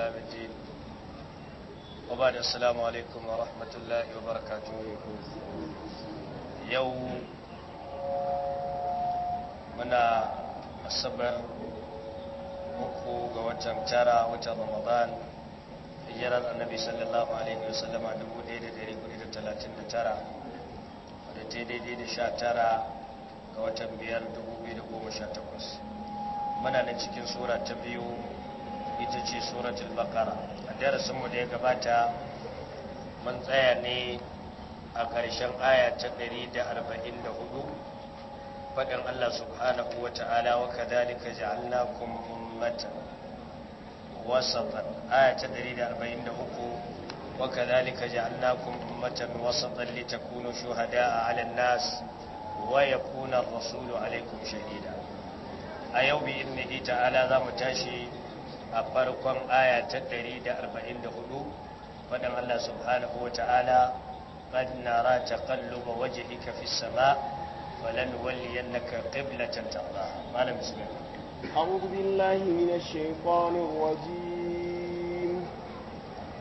إلى مدين وبعد السلام عليكم ورحمة الله وبركاته يوم منا الصبر uku ga watan tara watan ramadan hijirar annabi sallallahu alaihi wasallam a dubu ɗaya da ɗari kuɗi da talatin da tara wadda ta daidai da sha tara ga watan biyar dubu biyu da goma sha takwas muna nan cikin sura ta biyu ita ce suratul bakara a darasinmu da ya gabata mun tsaya ne a ƙarshen aya ta 144 faɗin Allah subhanahu wa ta'ala wa kadhalika ja'alnakum ummatan wasatan aya ta 143 wa kadhalika ja'alnakum ummatan wasatan litakunu shuhada'a 'ala an-nas wa yakuna ar-rasulu alaikum shahida a yau bi idnihi ta'ala za mu tashi a farkon aya ta 144 fadan Allah subhanahu wata'ala qad nara taqalluba wajhika fis sama falanwalliyannaka qiblatan tardaha malam bismillah أعوذ بالله من الشيطان الرجيم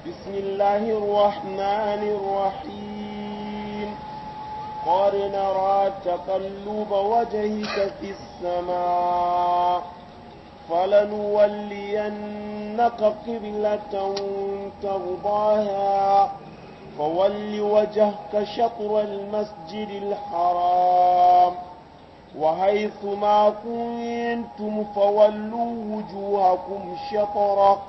بسم الله الرحمن الرحيم قد نرى تقلب وجهك في السماء فلنولينك قبلة ترضاها فول وجهك شطر المسجد الحرام وحيث ما كنتم فولوا وجوهكم شطره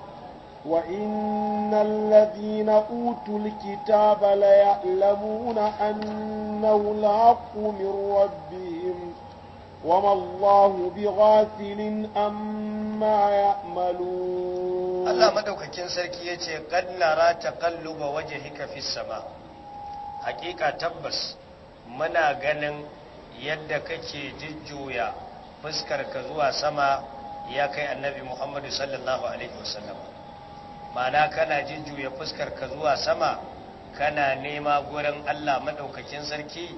وإن الذين أوتوا الكتاب ليعلمون أنه الحق من ربهم وما الله بغافل أما يعملون الله مدوكاكين سركي يتي قد نرى تقلب وجهك في السماء حقيقة تبس منا غنن yadda kake jujjuya fuskarka zuwa sama ya kai annabi muhammadu sallallahu alaihi wasallam ma'ana kana jujjuya fuskarka zuwa sama kana nema gurin allah maɗaukakin sarki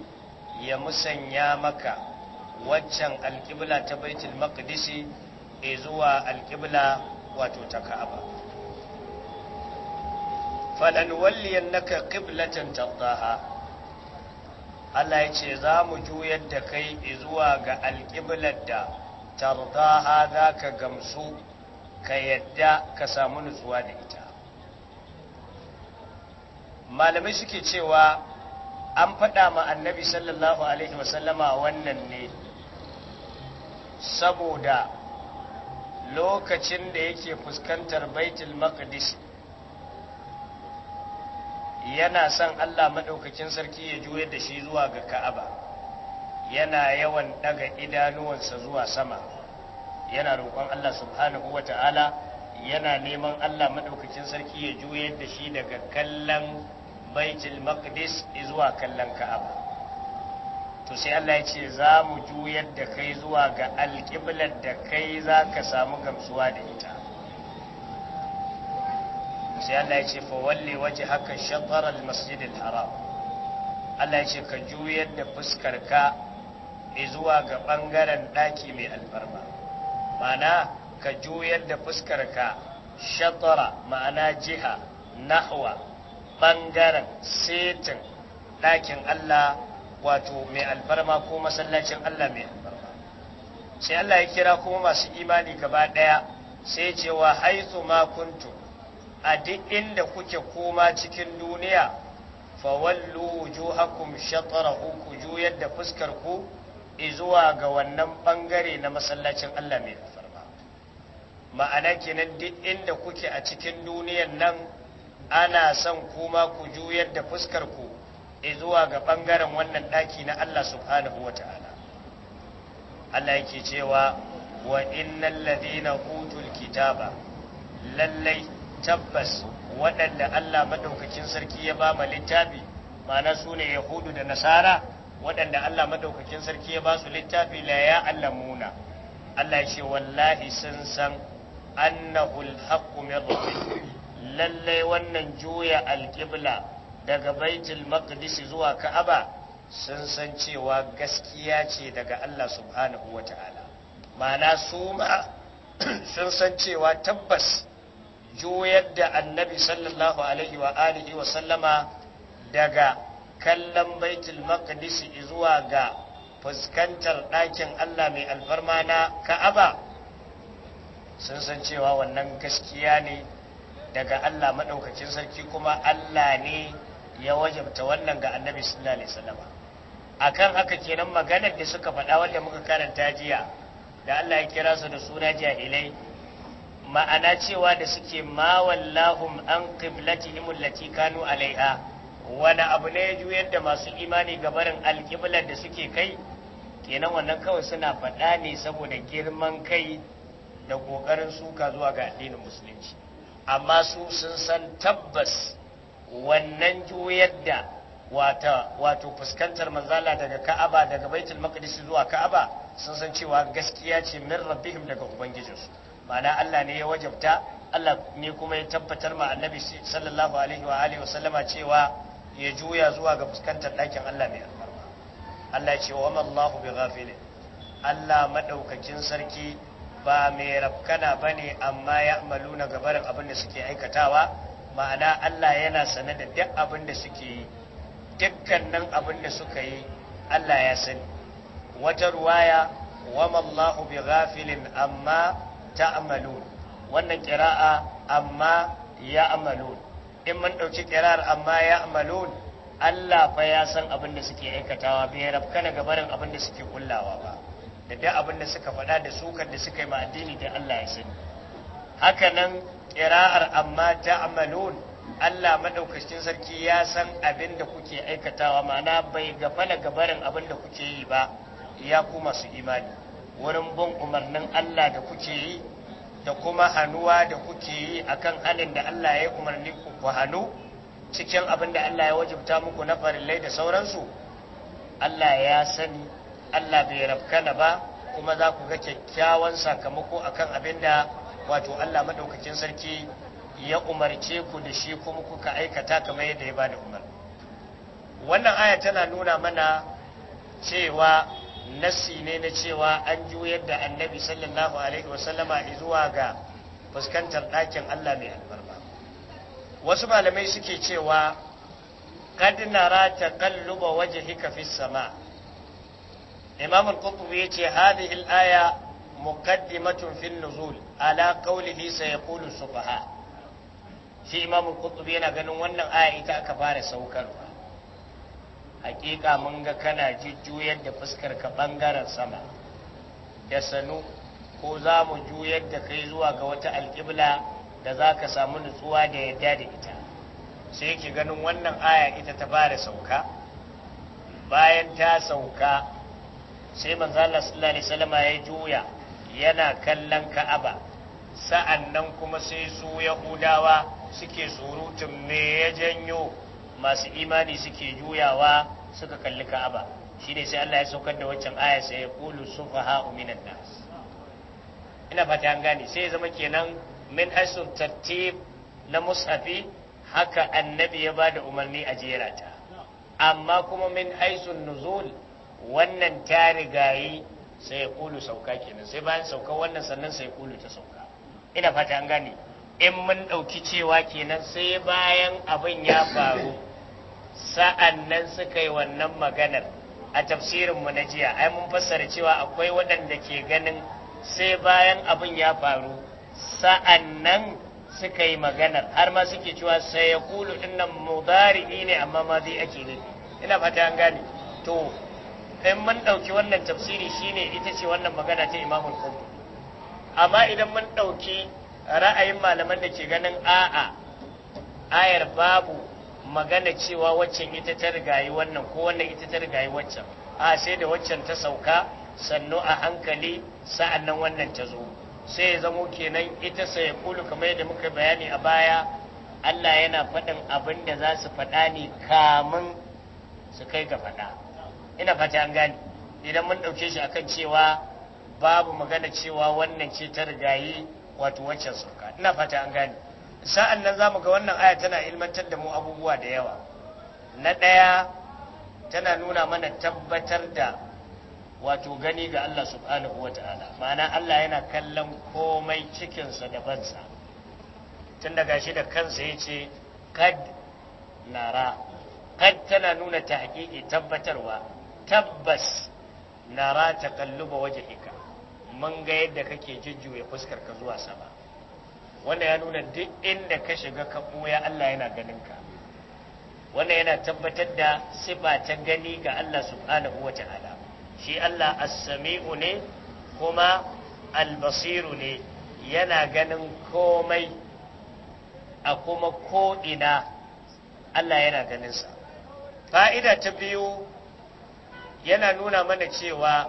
ya musanya maka waccan alƙibla ta baitul maqdisi e zuwa alƙibla wato ta ka'aba falanwalliyannaka qiblatan tardaha Allah ya ce za mu juyar da kai zuwa ga alƙiblar da tardaha za ka gamsu ka yadda ka samu nutsuwa da ita malamai suke cewa an faɗa ma annabi sallallahu alaihi wasallama wannan ne saboda lokacin da yake fuskantar baitul maqdis yana son Allah maɗaukakin sarki ya juyar da shi zuwa ga ka'aba yana yawan ɗaga idanuwansa zuwa sama yana roƙon Allah subhanahu wa ta'ala yana neman Allah maɗaukakin sarki ya juyar da shi daga kallon baitul maqdis zuwa kallon ka'aba to sai Allah ya ce za mu juyar da kai zuwa ga alƙiblar da kai za ka samu gamsuwa da ita sai Allah ya ce fa walle waje haka shatar al haram Allah ya ce ka juyar da fuskarka zuwa ga ɓangaren ɗaki mai alfarma ma'ana ka juyar da ka shatara ma'ana jiha nahwa ɓangaren setin ɗakin Allah wato mai alfarma ko masallacin Allah mai alfarma sai Allah ya kira kuma masu imani gaba ɗaya sai ce wa haitsu ma kuntu a duk inda kuke koma cikin duniya fawallu wujuhakum shatarahu ku juyar da fuskar ku zuwa ga wannan bangare na masallacin Allah mai alfarma ma'ana kenan duk inda kuke a cikin duniyan nan ana son kuma ku juyar da fuskar ku zuwa ga ɓangaren wannan ɗaki na Allah subhanahu wa ta'ala Allah yake cewa wa innal ladina utul kitaba lallai tabbas waɗanda Allah madaukakin sarki ya ba ma littafi ma'ana su ne yahudu da nasara waɗanda Allah madaukakin sarki ya ba su littafi la ya allamuna Allah ya ce wallahi sun san annahu alhaqqu min rabbih lallai wannan juya alqibla daga baitul maqdis zuwa ka'aba sun san cewa gaskiya ce daga Allah subhanahu wa ta'ala ma'ana su ma sun san cewa tabbas juyar da annabi sallallahu alaihi wa alihi wa sallama daga kallon baitul maqdis zuwa ga fuskantar ɗakin Allah mai alfarma na ka'aba sun san cewa wannan gaskiya ne daga Allah maɗaukacin sarki kuma Allah ne ya wajabta wannan ga annabi sallallahu alaihi wasallam akan haka kenan maganar da suka faɗa wanda muka karanta jiya da Allah ya kira su da suna jahilai ma'ana cewa da suke ma wallahum an qiblatihim allati kanu alaiha wani abu ne ya juyar da masu imani ga barin alƙiblar da suke kai kenan wannan kawai suna faɗa ne saboda girman kai da ƙoƙarin suka zuwa ga addinin musulunci amma su sun san tabbas wannan juyar da wato fuskantar manzala daga ka'aba daga baitul maqdis zuwa ka'aba sun san cewa gaskiya ce min rabbihim daga ubangijinsu ma'ana Allah ne ya wajabta Allah ne kuma ya tabbatar ma annabi sallallahu alaihi wa alihi wa sallama cewa ya juya zuwa ga fuskantar ɗakin Allah mai albarka Allah ya ce wa mallahu bi ghafilin Allah madaukakin sarki ba mai rafkana bane amma ya amalu na gabarin abin da suke aikatawa ma'ana Allah yana sane da duk abin da suke yi dukkanin abin da suka yi Allah ya sani wata ruwaya wa mallahu bi ghafilin amma ta'malun wannan kira'a amma ya'malun in mun dauki kira'ar amma ya'malun Allah fa ya san abin da suke aikatawa bai na gabarin abin da suke kullawa ba da duk abin da suka faɗa da sukar da suka yi ma addini da Allah ya sani haka nan ƙira'ar amma ta amalun Allah maɗaukacin sarki ya san abin da kuke aikatawa mana bai gafala gabarin abin da kuke yi ba ya kuma su imani wurin bin umarnin Allah da kuke yi da kuma hannuwa da kuke yi akan halin da Allah ya yi umarni ku hannu cikin abin da Allah ya wajibta muku na farillai da sauransu Allah ya sani Allah bai rafkana ba kuma za ku ga kyakkyawan sakamako akan abin da wato Allah madaukakin sarki ya umarce ku da shi kuma kuka aikata kamar yadda ya bada umar wannan aya tana nuna mana cewa nassi ne na cewa an juyar da annabi sallallahu alaihi wasallama zuwa ga fuskantar ɗakin Allah mai albarba wasu malamai suke cewa kad nara waje wajhika fis sama imam al ya yace hadhihi al-aya muqaddimatun fil nuzul ala qawlihi sayaqulu sufaha shi imam al-qurtubi yana ganin wannan aya ita aka fara saukarwa Haƙiƙa mun ga kana jujjuyar da fuskar ka bangaren sama da sanu ko za mu juyar da kai zuwa ga wata alƙibla da za ka samu nutsuwa da yadda da ita sai yake ganin wannan aya ita ta fara sauka bayan ta sauka sai manzo Allah sallallahu alaihi ya juya yana kallon ka'aba sa'an nan kuma sai su yahudawa suke surutun me ya janyo masu imani suke juyawa suka kalli ka'aba shi ne sai Allah ya saukar da waccan aya sai ya qulu sufaha minan nas ina fata an gane sai zama kenan min hasun tartib na mushafi haka annabi ya ba da umarni a jera ta amma kuma min haisun nuzul wannan ta rigayi sai ya kulu sauka kenan sai bayan sauka wannan sannan sai kulu ta sauka ina fata an gane in mun ɗauki cewa kenan sai bayan abin ya faru sa'an nan suka yi wannan maganar a tafsirinmu na jiya ai mun fassara cewa akwai waɗanda ke ganin sai bayan abin ya faru sa'an nan suka yi maganar har ma suke cewa sai ya kulu ɗin nan mudari ne amma ma zai ake ne ina fata an gane to in mun ɗauki wannan tafsiri shine ita ce wannan magana ta imamul qurtubi amma idan mun ɗauki ra'ayin malaman da ke ganin a'a ayar babu magana cewa waccan ita ta rigayi wannan ko wannan ita ta rigayi waccan a sai da waccan ta sauka sannu a hankali sa'annan wannan ta zo sai ya zamo kenan ita sai ya kulu kamar yadda muka bayani a baya Allah yana faɗin abin da za su faɗa ne kamun su kai ga faɗa ina fata an gane idan mun ɗauke shi akan cewa babu magana cewa wannan ce ta rigayi wato waccan sauka ina fata an gane sa'an nan za mu ga wannan aya tana ilmantar da mu abubuwa da yawa na ɗaya tana nuna mana tabbatar da wato gani ga Allah subhanahu wa ma'ana Allah yana kallon komai cikinsa da bansa tun daga shi da kansa ya ce kad nara kad tana nuna ta tabbatarwa tabbas na rata kalluba waje wajhika mun ga yadda kake jujjuya fuskar ka zuwa sama wanda ya nuna duk inda ka shiga ka ya Allah yana ganin ka wanda yana tabbatar da siba ta gani ga Allah subhanahu wa ta'ala shi Allah as-sami'u ne kuma al-basiru ne yana ganin komai a kuma ko ina Allah yana ganin sa fa'ida ta biyu yana nuna mana cewa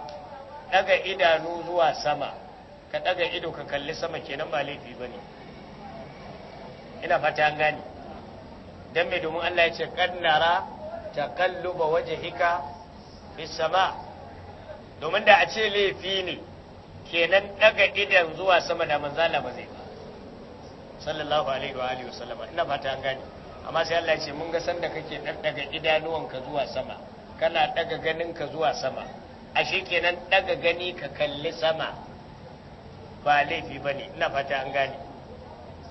daga idanu zuwa sama ka daga ido ka kalli sama kenan ba laifi ba ne ina fata an gane don mai domin Allah ya ce kannara ta ba waje hika sama domin da a ce laifi ne kenan daga idan zuwa sama da manzala ba zai ba sallallahu alaihi wa alihi wasallam ina fata an gane amma sai Allah ya ce mun ga sanda kake dan daga idanuwanka zuwa sama kana daga ganin ka zuwa sama ashe kenan daga gani ka kalli sama ba laifi ba ne ina fata an gane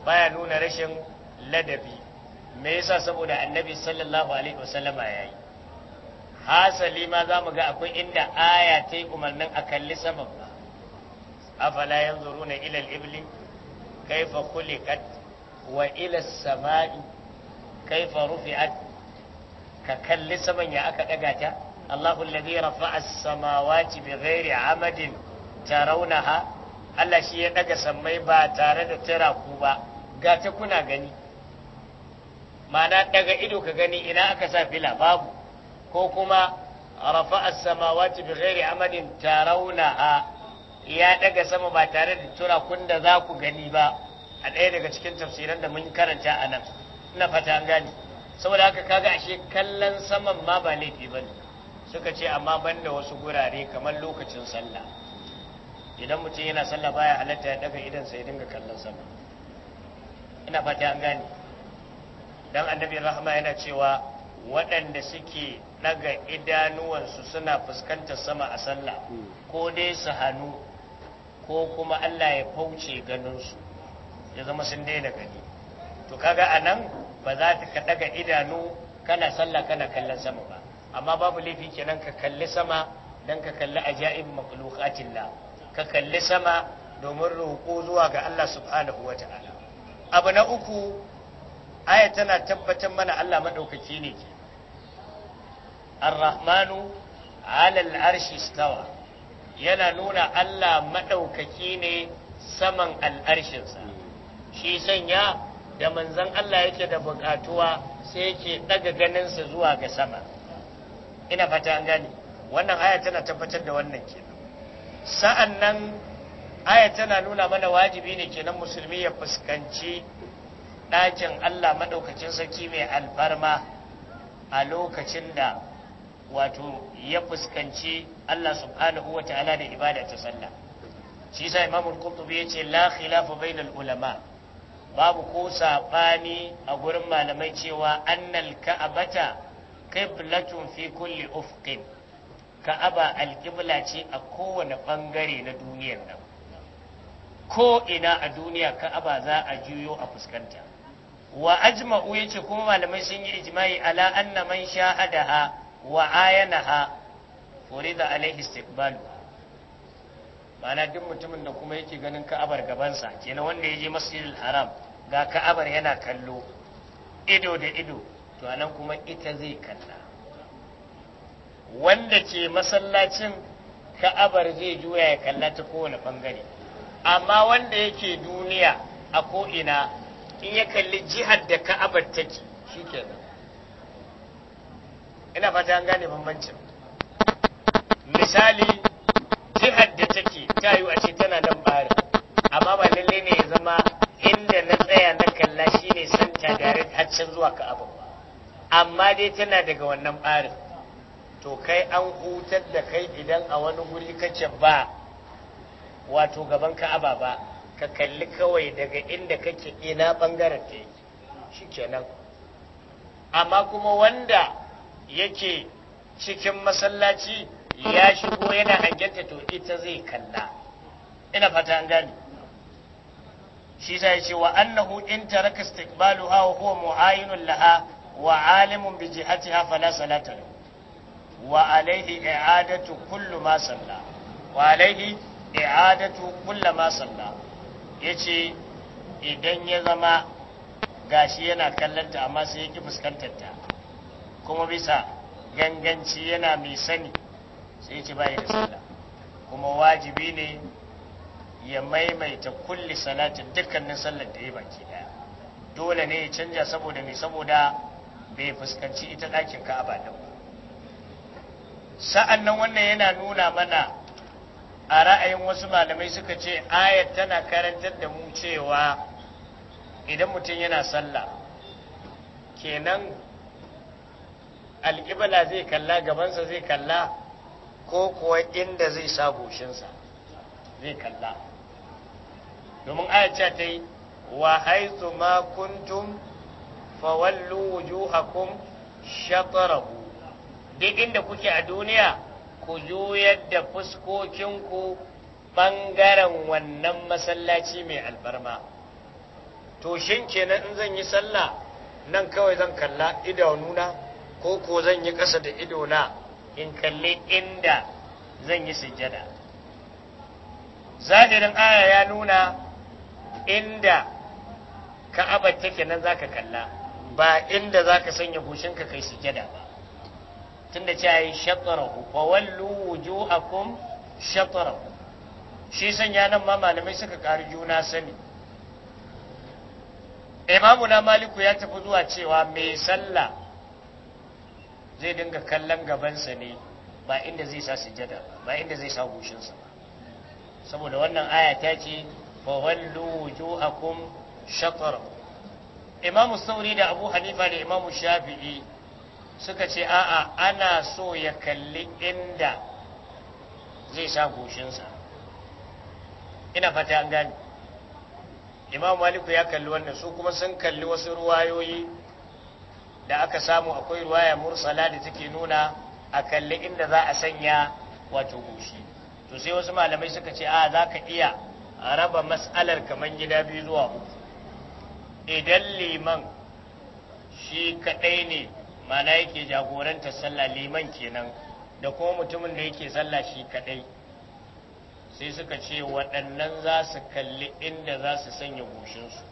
baya nuna rashin ladabi me yasa saboda annabi sallallahu alaihi wasallama ya yi hasali ma za mu ga akwai inda aya ta yi umarnin a kalli sama ba afala yanzuruna ila al-ibli kaifa khuliqat wa ila as-sama'i kaifa rufi'at ka kalli saman ya aka daga ta Allahu ladhi rafa'a as-samawati bighairi 'amadin tarawnaha Allah shi ya daga sammai ba tare da tira ku ba ga ta kuna gani ma'ana daga ido ka gani ina aka sa fila babu ko kuma rafa'a as-samawati bighairi 'amadin tarawnaha ya daga sama ba tare da tura kun da za ku gani ba a ɗaya daga cikin tafsiran da mun karanta a nan ina fata an gani saboda haka kaga ashe kallon saman ma ba laifi ba suka ce amma banda wasu gurare kamar lokacin sallah idan mutum yana sallah baya halatta ya daga idan sai dinga kallon sama ina fata an gane dan annabi rahama yana cewa waɗanda suke daga idanuwansu suna fuskantar sama a sallah ko dai su hannu ko kuma Allah ya fauce ganinsu ya zama sun daina gani to kaga a nan ba za ta ka daga idanu kana sallah kana kallon sama ba amma babu laifi kenan ka kalli sama dan ka kalli ajaib la ka kalli sama domin roƙo zuwa ga Allah subhanahu wata'ala abu na uku aya tana tabbatar mana Allah madaukaki ne ke ar-rahmanu 'ala al-arshi istawa yana nuna Allah madaukaki ne saman al'arshinsa shi sanya da manzan Allah yake da bukatuwa sai yake ɗaga ganinsa zuwa ga sama ina fata an gani. wannan aya tana tabbatar da wannan kenan sa'an nan aya tana nuna mana wajibi ne kenan musulmi ya fuskanci ɗakin Allah maɗaukacin sarki mai alfarma a lokacin da wato ya fuskanci Allah subhanahu wa ta'ala da ibada ta sallah shi sa imamul qurtubi yace la khilafa bainal ulama' babu ko saɓani a gurin malamai cewa annal ka'abata qiblatun fi kulli ufqin ka'aba alƙibla ce a kowane ɓangare na duniyar nan ko ina a duniya ka'aba za a juyo a fuskanta wa ajma'u yace kuma malamai sun yi ijma'i ala anna man sha'adaha wa ayanaha furida alaihi istiqbaluha ma'ana duk mutumin da kuma yake ganin ka'abar gabansa kenan wanda ya je masjidil haram ga ka'abar yana kallo ido da ido to anan kuma ita zai kalla wanda ke masallacin ka'abar zai juya ya kalla ta kowane bangare amma wanda yake duniya a ko'ina in ya kalli jihar da ka'abar take shi kenan ina fata an gane bambancin misali take ta yi a ce tana nan bari amma ba lalle ne ya zama inda na tsaya na kalla shi shine santa direct har can zuwa ka abu amma dai tana daga wannan bari to kai an hutar da kai idan a wani guri kace ba wato gaban ka'aba ba ka kalli kawai daga inda kake ina bangaren ta yake shikenan amma kuma wanda yake cikin masallaci ya shigo yana hangenta to ita zai kalla ina fata an gani. shi sai ce wa annahu in taraka istiqbalu aw huwa mu'ayinun laha wa alimun bi jihatiha fala salata wa alayhi i'adatu kullu ma salla wa alayhi i'adatu kullu ma salla yace idan ya zama gashi yana kallanta amma sai ya ki fuskantar ta kuma bisa ganganci yana mai sani sai ya ce bai da sallah kuma wajibi ne ya maimaita kulli salatin dukkanin sallar da ya baki daya dole ne ya canja saboda mai saboda bai fuskanci ita ɗakin ka'aba ba sa'an nan wannan yana nuna mana a ra'ayin wasu malamai suka ce ayat tana karantar da mu cewa idan mutum yana sallah kenan alƙibla zai kalla gabansa zai kalla ko kuwa inda zai sa goshinsa zai kalla domin ayaca ta yi wa haizu ma kuntum fawallu wujuhakum shatarahu duk inda kuke a duniya ku juyar da fuskokinku ɓangaren wannan masallaci mai albarma to shin kenan in zan yi sallah nan kawai zan kalla idanuna ko ko zan yi ƙasa da idona in kalli inda zan yi sujjada zahirin aya ya nuna inda ka'aba take nan zaka kalla ba inda zaka sanya ka kai sujjada ba tunda cewa yi shatarahu fa wallu wujuhakum shatarahu shi sanya nan ma malamai suka ƙari juna sani Imamuna maliku ya tafi zuwa cewa mai sallah zai dinga kallon gabansa ne ba inda zai sa sujjada ba inda zai sa gushinsa ba saboda wannan aya ta ce fa wallu wujuhakum shatr imam sauri da abu hanifa da imam shafi'i suka ce a'a ana so ya kalli inda zai sa gushinsa ina fata an gane imam maliku ya kalli wannan su kuma sun kalli wasu ruwayoyi da aka samu akwai ruwaya mursala da take nuna a kalli inda za a sanya wato goshi to sai wasu malamai suka ce a za ka iya raba mas'alar kamar gida biyu zuwa uku idan liman shi kaɗai ne mana yake jagoranta sallah liman kenan da kuma mutumin da yake sallah shi kaɗai sai suka ce waɗannan za su kalli inda za su sanya goshinsu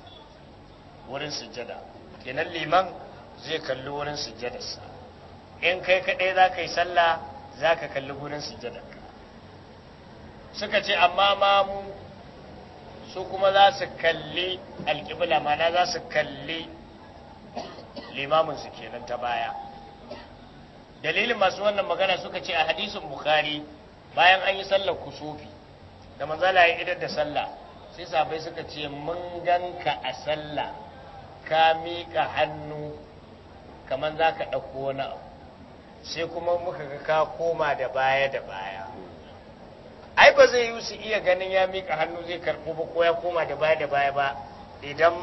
wurin sujjada kenan liman zai kalli wurin sujjadarsa in kai kaɗai za ka yi sallah za ka kalli wurin sujjadarka suka ce amma mamu su kuma za su kalli alƙibla mana za su kalli limaminsu kenan ta baya dalilin masu wannan magana suka ce a hadisin bukhari bayan an yi sallar kusufi da manzala ya idar da sallah sai sabai suka ce mun ganka a sallah ka miƙa hannu kamar za ka ɗauko wani abu sai kuma muka ga ka koma da baya da baya ai ba zai yi su iya ganin ya miƙa hannu zai karɓo ba ko ya koma da baya da baya ba idan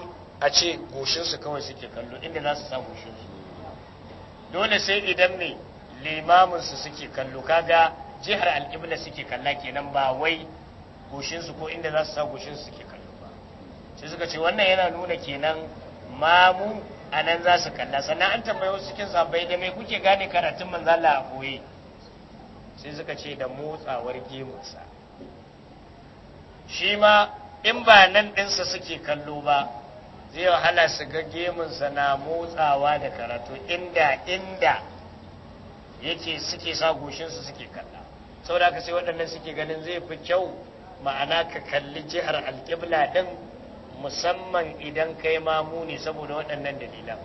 a ce goshinsu kawai suke kallo inda za su sa goshinsu dole sai idan ne limaminsu suke kallo kaga jihar al'ibla suke kalla kenan ba wai goshinsu ko inda za su sa goshinsu suke kallo ba sai suka ce wannan yana nuna kenan mamu a nan za su kalla sannan an tambayi wasu cikin sabai da mai kuke gane karatun Allah a koyi sai suka ce da motsawar gemunsa shi ma in ba nan ɗinsa suke kallo ba zai wahala su ga gemunsa na motsawa da karatu inda inda yake suke sa goshinsu suke kalla saboda ka sai waɗannan suke ganin zai fi kyau ma'ana ka kalli jihar alƙibla ɗin musamman idan kai mamuni saboda waɗannan dalilan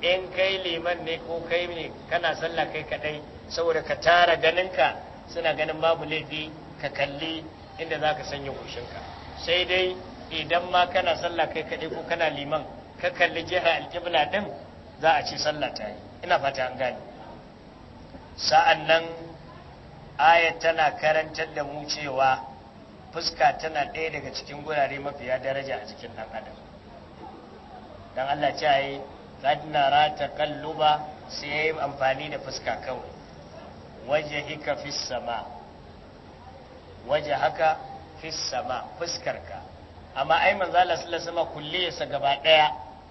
in kai liman ne ko kai ne kana sallah kai kaɗai saboda ka tara ganinka suna ganin babu laifi ka kalli inda za ka sanya goshinka sai dai idan ma kana sallah kai kaɗai ko kana liman ka kalli jihar alƙibla ɗin za a ce sallah ta yi ina fata an gane sa'an nan ayat tana karantar da mu cewa fuska tana ɗaya daga cikin gurare mafiya daraja a cikin ɗan adam don allah ce yi zadna rata kalluba sai ya yi amfani da fuska kawai waje hika fi sama waje haka fi sama fuskarka amma ai manzo Allah sallallahu alaihi kulle sa gaba ɗaya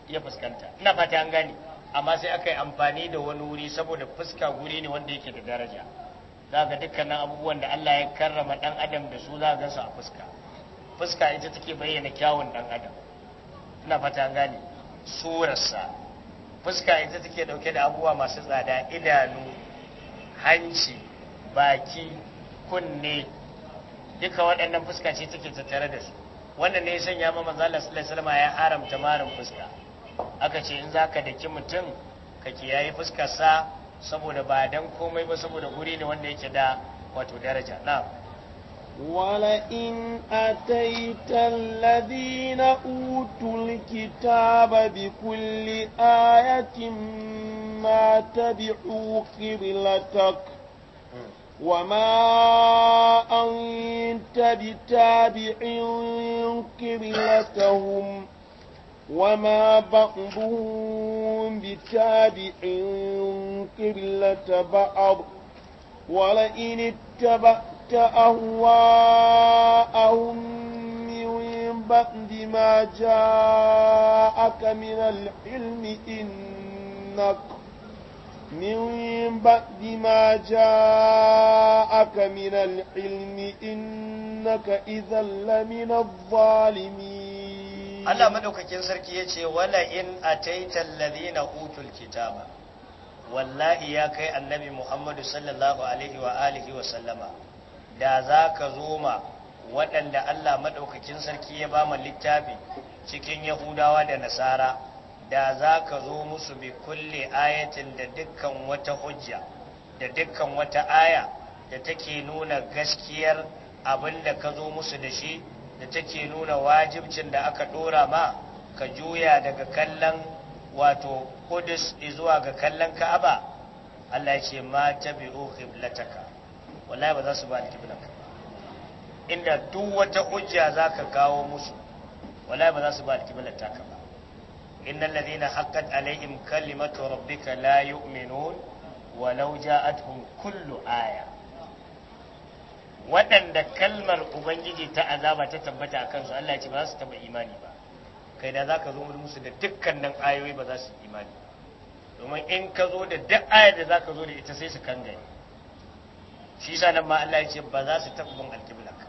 ya fuskanta ina fata an gane amma sai aka yi amfani da wani wuri saboda fuska wuri ne wanda yake da daraja za ga dukkanin abubuwan da Allah ya karrama ɗan adam da su za a gansu a fuska fuska ita take bayyana kyawun ɗan adam ina fata gane surarsa fuska ita take dauke da abubuwa masu tsada idanu hanci baki kunne duka waɗannan fuska ce take tattare da su wannan ne ya sanya ma manzo sallallahu ya haramta marin fuska aka ce in zaka daki mutum ka kiyaye fuskarsa saboda ba dan komai ba saboda wuri ne wanda yake da wato daraja na ba. wala in a taita ladina utulki bi kulle a ya tabi'u kiri la tak wa ma وما بعضهم بتابع قبلة بعض ولئن اتبعت أهواءهم من بعد ما جاءك من العلم إنك من بعد ما جاءك من العلم إنك إذا لمن الظالمين Allah madaukakin sarki ya ce wala in ataita alladhina utul kitaba wallahi ya kai annabi Muhammadu sallallahu alaihi wa alihi wa sallama da za ka zo ma waɗanda Allah madaukakin sarki ya ba littafi cikin Yahudawa da Nasara da za ka zo musu bi kulli ayatin da dukkan wata hujja da dukkan wata aya da take nuna gaskiyar abin da ka zo musu da shi da take nuna wajibcin da aka ɗora ma ka juya daga kallon wato kudus zuwa ga kallon ka'aba Allah ya ce ma tabi'u kiblataka wallahi ba za su ba ni qiblanka inda duk wata hujja zaka kawo musu wallahi ba za su ba ni qiblataka ba innal ladhina haqqat alaihim kalimatu rabbika la yu'minun walau ja'atuhum kullu aya waɗanda kalmar ubangiji ta azaba ta tabbata a kansu Allah ce ba za su taɓa imani ba kai da za ka zo musu da dukkanin ayoyi ba za su imani domin in ka zo da duk ayar da za ka zo da ita sai su kan gani shi sa nan ma Allah ya ce ba za su taɓa bin ka.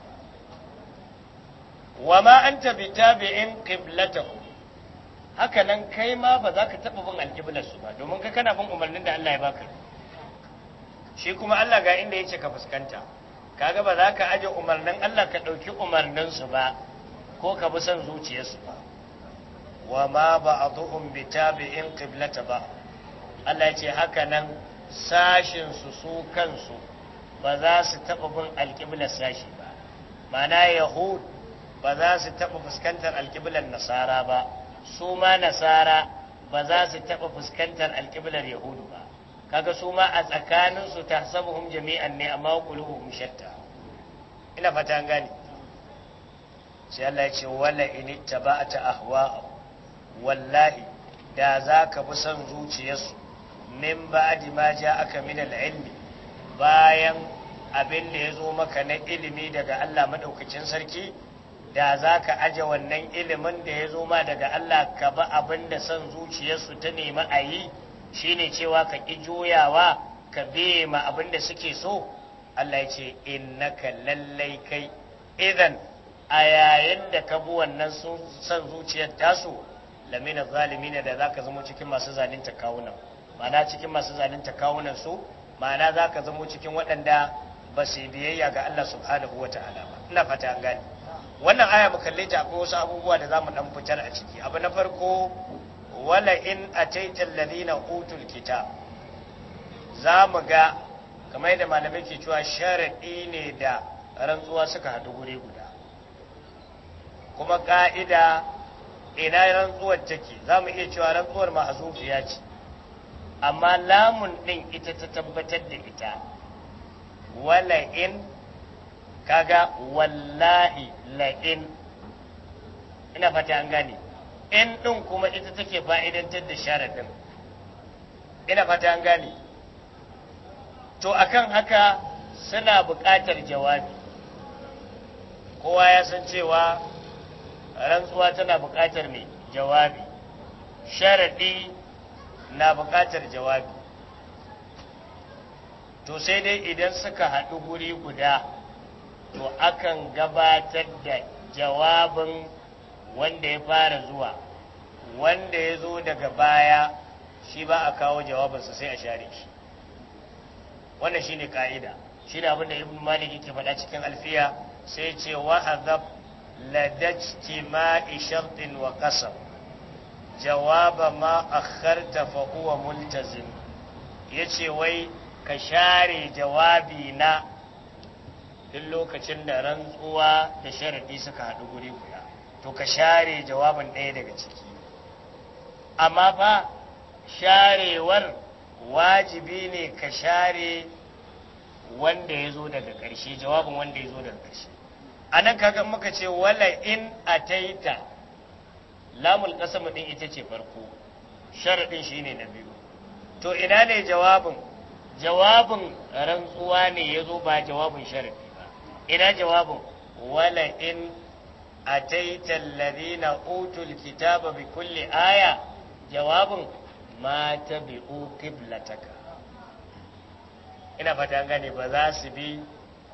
wa ma anta bi tabi'in qiblatahu haka nan kai ma ba za ka taɓa bin alkiblar su ba domin ka kana bin umarnin da Allah ya baka shi kuma Allah ga inda yake ce ka fuskanta kaga ba za ka aje umarnin Allah ka ɗauki umarninsu ba ko ka bi son zuciyarsu ba wa ma ba a zuhun bi tabi'in qiblata ba Allah ce haka nan sashinsu su kansu ba za su taɓa bin alƙiblar sashi ba mana yahud ba za su taɓa fuskantar alƙiblar nasara ba su ma nasara ba za su taɓa fuskantar alƙiblar yahudu ba kaga su ma a tsakanin su tahsabuhum jami'an ne amma qulubuhum shatta ina fata an gane sai Allah ya ce wala in ittaba'ta ahwa wallahi da za ka bi son zuciyarsu min ba'di ma aka min al-ilmi bayan abin da ya zo maka na ilimi daga Allah maɗaukacin sarki da za ka aje wannan ilimin da ya zo ma daga Allah ka ba abin da son zuciyarsu ta nemi a yi Shi ne cewa ka ƙi juyawa ka biye ma abin da suke so Allah ya ce innaka lallai kai idan a yayin da ka bi wannan son zuciyar tasu lamina zalimina da za ka zama cikin masu zanen kawunan ma'ana cikin masu kawunan su ma'ana ka zama cikin waɗanda ba su yi biyayya ga Allah subhanahu wa ta'ala ba ina fata an gane wannan aya mu kalle ta akwai wasu abubuwa da mu dan fitar a ciki abu na farko wala in ataita alladhina utul kita za mu ga kamar yadda malamai ke cewa sharaɗi ne da rantsuwa suka haɗu guri guda kuma ƙa'ida ina rantsuwar take za mu iya cewa rantsuwar ya ce amma lamun ɗin ita ta tabbatar da ita wala in kaga wallahi la'in ina fata an gane in ɗin kuma ita take fa'idantar da ɗin ina fata an gane to akan haka suna buƙatar jawabi kowa ya san cewa rantsuwa tana buƙatar mai jawabi sharaɗi na buƙatar jawabi to sai dai idan suka haɗu guri guda to akan gabatar da jawabin wanda ya fara zuwa wanda ya zo daga baya shi ba a kawo jawabinsa sai a share shi wannan shi ne ka'ida shi ne abinda ibn malik yake faɗa cikin alfiya sai ce wa azab ladajti ma'i shartin wa kasa jawaba ma akharta huwa multazim ce wai ka share jawabi na duk lokacin da rantsuwa da sharadi suka haɗu guri guda to ka share jawabin ɗaya daga ciki amma fa sharewar wajibi ne ka share wanda ya zo daga ƙarshe jawabin wanda ya zo daga ƙarshe a nan kaga muka ce wala in a taita lamul ƙasam ɗin ita ce farko sharaɗin shi ne na biyu to ina ne jawabin jawabin rantsuwa ne ya zo ba jawabin sharaɗi ba ina jawabin wala in a taita alladhina utul kitaba bi kulle aya jawabin ma ta bi'u qiblataka ina fata gane ba za su bi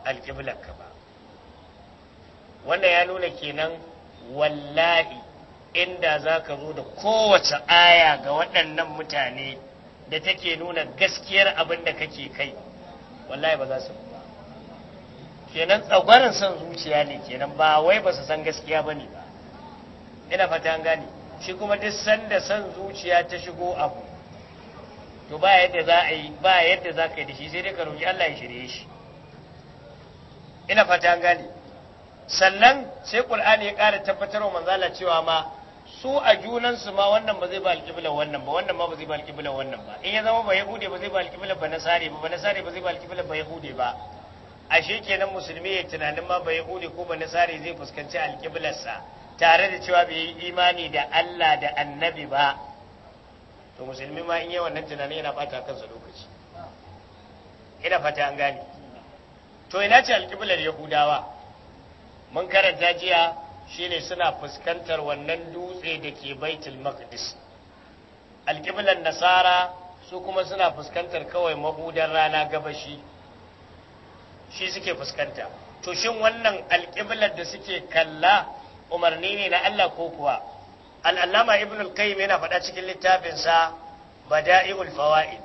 alƙiblarka ba Wannan ya nuna kenan wallahi inda za ka zo da kowace aya ga waɗannan mutane da take nuna gaskiyar abin da kake kai wallahi ba za su kenan tsagwarin son zuciya ne kenan ba wai ba su san gaskiya ba ne ba ina fata gane shi kuma duk sanda son zuciya ta shigo abu to ba yadda za a yi ba yadda za ka yi da shi sai dai ka roƙi Allah ya shirye shi ina fata gane sannan sai Qur'ani ya ƙara tabbatar wa manzala cewa ma su a junansu ma wannan ba zai ba alƙiblar wannan ba wannan ma ba zai ba alƙiblar wannan ba in ya zama ba yahude ba zai ba alƙiblar ba nasare ba ba nasare ba zai ba alƙiblar ba yahude ba ashe kenan musulmi ya tunanin ma ba yahude ko ba nasare zai fuskanci sa. tare da cewa bai yi imani da Allah da annabi ba to musulmi ma in yi wannan tunanin yana bata kansa lokaci ina fata an gane to ina ce alƙiblar yahudawa mun karanta jiya shine suna fuskantar wannan dutse da ke baitul maqdis alƙiblar nasara su kuma suna fuskantar kawai mabudan rana gabashi shi suke fuskanta to shin wannan alƙiblar da suke kalla umarni ne na Allah ko kuwa al'allama ibn al-qayyim yana faɗa cikin littafinsa bada'i'ul fawaid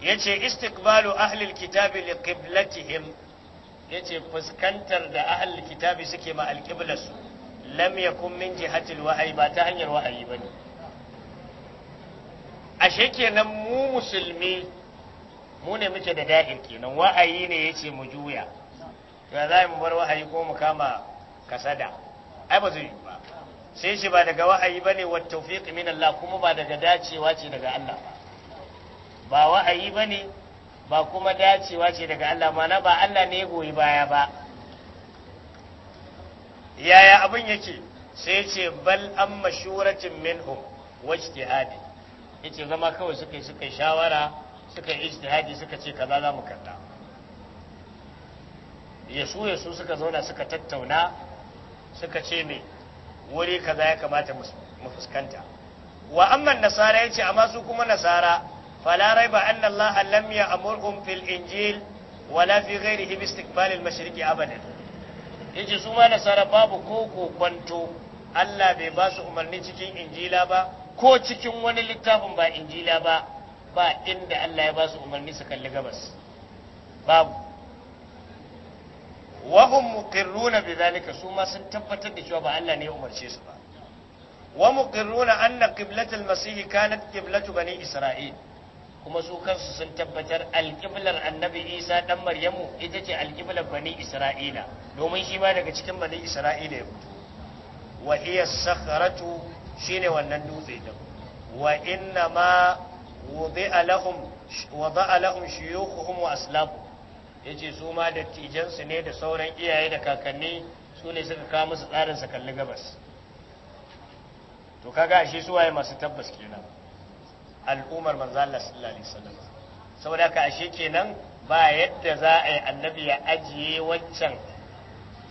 yace istiqbalu ahli al-kitabi li yace fuskantar da ahli kitabi suke ma al-qiblasu lam yakun min jihati al-wahyi ba ta hanyar wahayi bane ashe kenan mu musulmi mu ne muke da da'ir kenan wahayi ne yace mu juya to za mu bar wahayi ko mu kama kasada ai ba zai yi ba sai shi ba daga wa'ayi bane wa tawfiq min Allah kuma ba daga dacewa ce daga Allah ba ba wa'ayi bane ba kuma dacewa ce daga Allah mana ba Allah ne ya goyi baya ba yaya abin yake sai ce bal an mashuratin minhum wajtihadi yace zama kawai suka yi suka shawara suka yi ijtihadi suka ce kaza za mu kalla yasu yasu suka zauna suka tattauna suka ce me wuri kaza ya kamata mu fuskanta wa amman nasara ce amma su kuma nasara fala ba anna Allah lam ya'murhum fil injil wala fi ghairihi bi istiqbal al mashriqi abadan yace su ma nasara babu ko kokonto Allah bai ba su umarni cikin injila ba ko cikin wani littafin ba injila ba ba inda Allah ya ba su umarni su kalli gabas babu wa hum muqirruna bidhalika su ma sun tabbatar da cewa ba Allah ne ya umarce su ba wa muqirruna anna qiblatul masih kanat qiblatu bani isra'il kuma su kansu sun tabbatar alkiblar annabi isa dan maryamu ita ce alƙiblar bani isra'ila domin shi ma daga cikin bani isra'ila ya fito wa iya sakharatu shine wannan dutse din wa inna ma wudi'a lahum wada'a lahum shuyukhuhum wa aslabu ya ce su ma dattijansu ne da sauran iyaye da kakanni su ne suka kawo musu tsarin sa kalli gabas to kaga ashe su waye masu tabbas kenan al'ummar manzo Allah sallallahu alaihi wasallam saboda ka ashe kenan ba yadda za a yi annabi ya ajiye wancan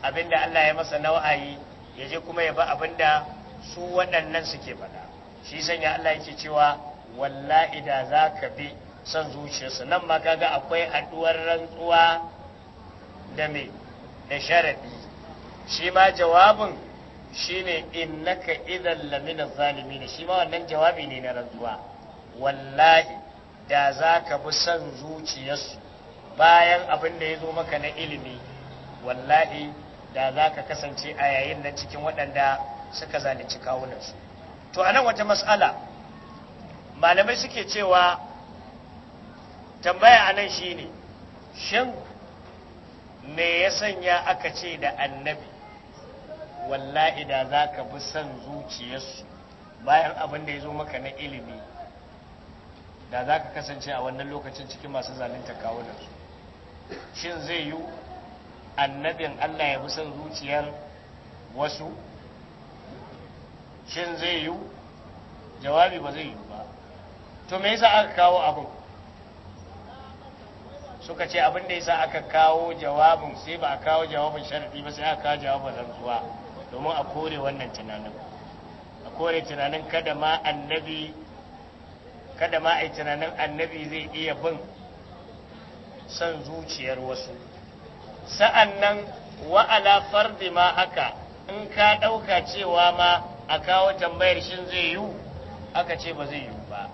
abinda Allah ya masa nau'ayi ya je kuma ya ba abinda su waɗannan suke faɗa shi sanya Allah yake cewa wallahi da za ka bi son zuciyarsu nan ma kaga akwai haɗuwar rantsuwa da me da sharaɗi shi ma jawabin shine innaka idan lamina zalimin shi ma wannan jawabi ne na rantsuwa wallahi da za ka bi son zuciyarsu bayan abin da ya zo maka na ilimi wallahi da za ka kasance a yayin nan cikin waɗanda suka zalunci kawunansu to anan wata matsala malamai suke cewa tambaya anan ne shin me ya sanya aka ce da annabi wallahi da za ka bi son zuciyarsu bayan abin da ya zo maka na ilimi da za ka kasance a wannan lokacin cikin masu zalunta su shin zai yi annabin allah ya bi son zuciyar wasu shin zai yi jawabi ba zai yi ba to me yasa aka kawo abin suka ce abin da yasa aka kawo jawabin sai ba a kawo jawabin sharadi ba sai aka kawo jawabin rantsuwa domin a kore wannan tunanin a kore tunanin kada ma annabi kada ma ai tunanin annabi zai iya bin son zuciyar wasu sa'an nan wa'ala fardi ma haka in ka ɗauka cewa ma a kawo tambayar shin zai yiwu aka ce ba zai yiwu ba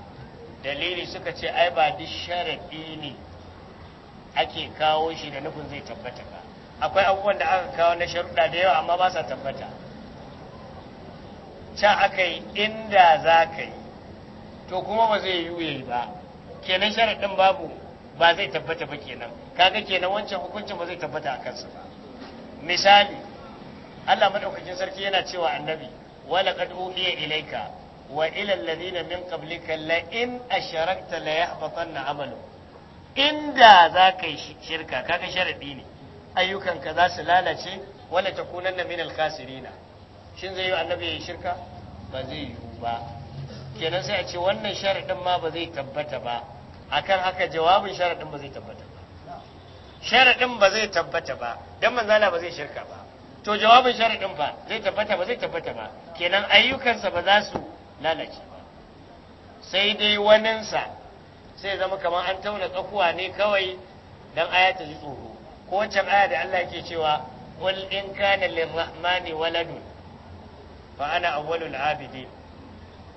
dalili suka ce ai ba duk sharaɗi ne ake kawo shi da nufin zai tabbata ba akwai abubuwan da aka kawo na sharuɗa da yawa amma ba sa tabbata can aka yi inda za ka yi to kuma ba zai yiwu yi ba kenan sharaɗin babu ba zai tabbata ba kenan kaga kenan wancan hukuncin ba zai tabbata a kansa ba misali Allah madaukakin sarki yana cewa annabi wala qad uhiya ilayka wa ila alladhina min qablika la in asharakta la yahbatanna amaluka inda za ka yi shirka kaga sharaɗi ne ayyukanka za su lalace wala ta kunan na minal kasirina shin zai yi annabi ya yi shirka ba zai yi ba kenan sai a ce wannan sharaɗin ma ba zai tabbata ba akan haka jawabin sharaɗin ba zai tabbata ba sharaɗin ba zai tabbata ba dan manzala ba zai shirka ba to jawabin sharaɗin ba zai tabbata ba zai tabbata ba kenan ayyukansa ba za su lalace ba sai dai waninsa sai zama kamar an tauna tsakuwa ne kawai dan aya ta ji tsoro ko wancan aya da Allah yake cewa wal in kana lirrahmani waladun fa ana awwalul abidin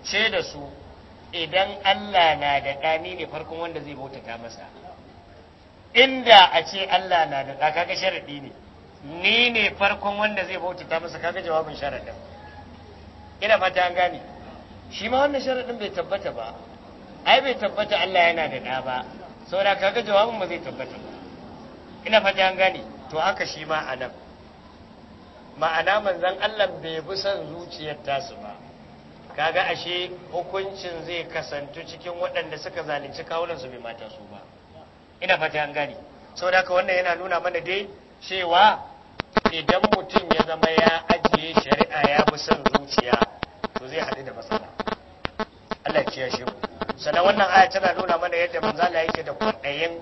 ce da su idan Allah na da ɗani ne farkon wanda zai bautata masa inda a ce Allah na da ɗa kaga sharaɗi ne ni ne farkon wanda zai bautata masa kaga jawabin sharaɗin ina fata an gane shi ma wannan sharaɗin bai tabbata ba ai bai tabbata Allah yana da da ba da kaga jawabin ba zai tabbata ina fata an gani to haka shi ma anan ma'ana manzan Allah bai bi son zuciyar tasu ba kaga ashe hukuncin zai kasantu cikin waɗanda suka zalunci kawunan su bai mata su ba ina fata an sau da haka wannan yana nuna mana dai cewa idan mutum ya zama ya ajiye shari'a ya bi son zuciya to zai haɗu da matsala Allah ya kiyaye shi sannan wannan aya tana nuna mana yadda Allah yake da kwaɗayin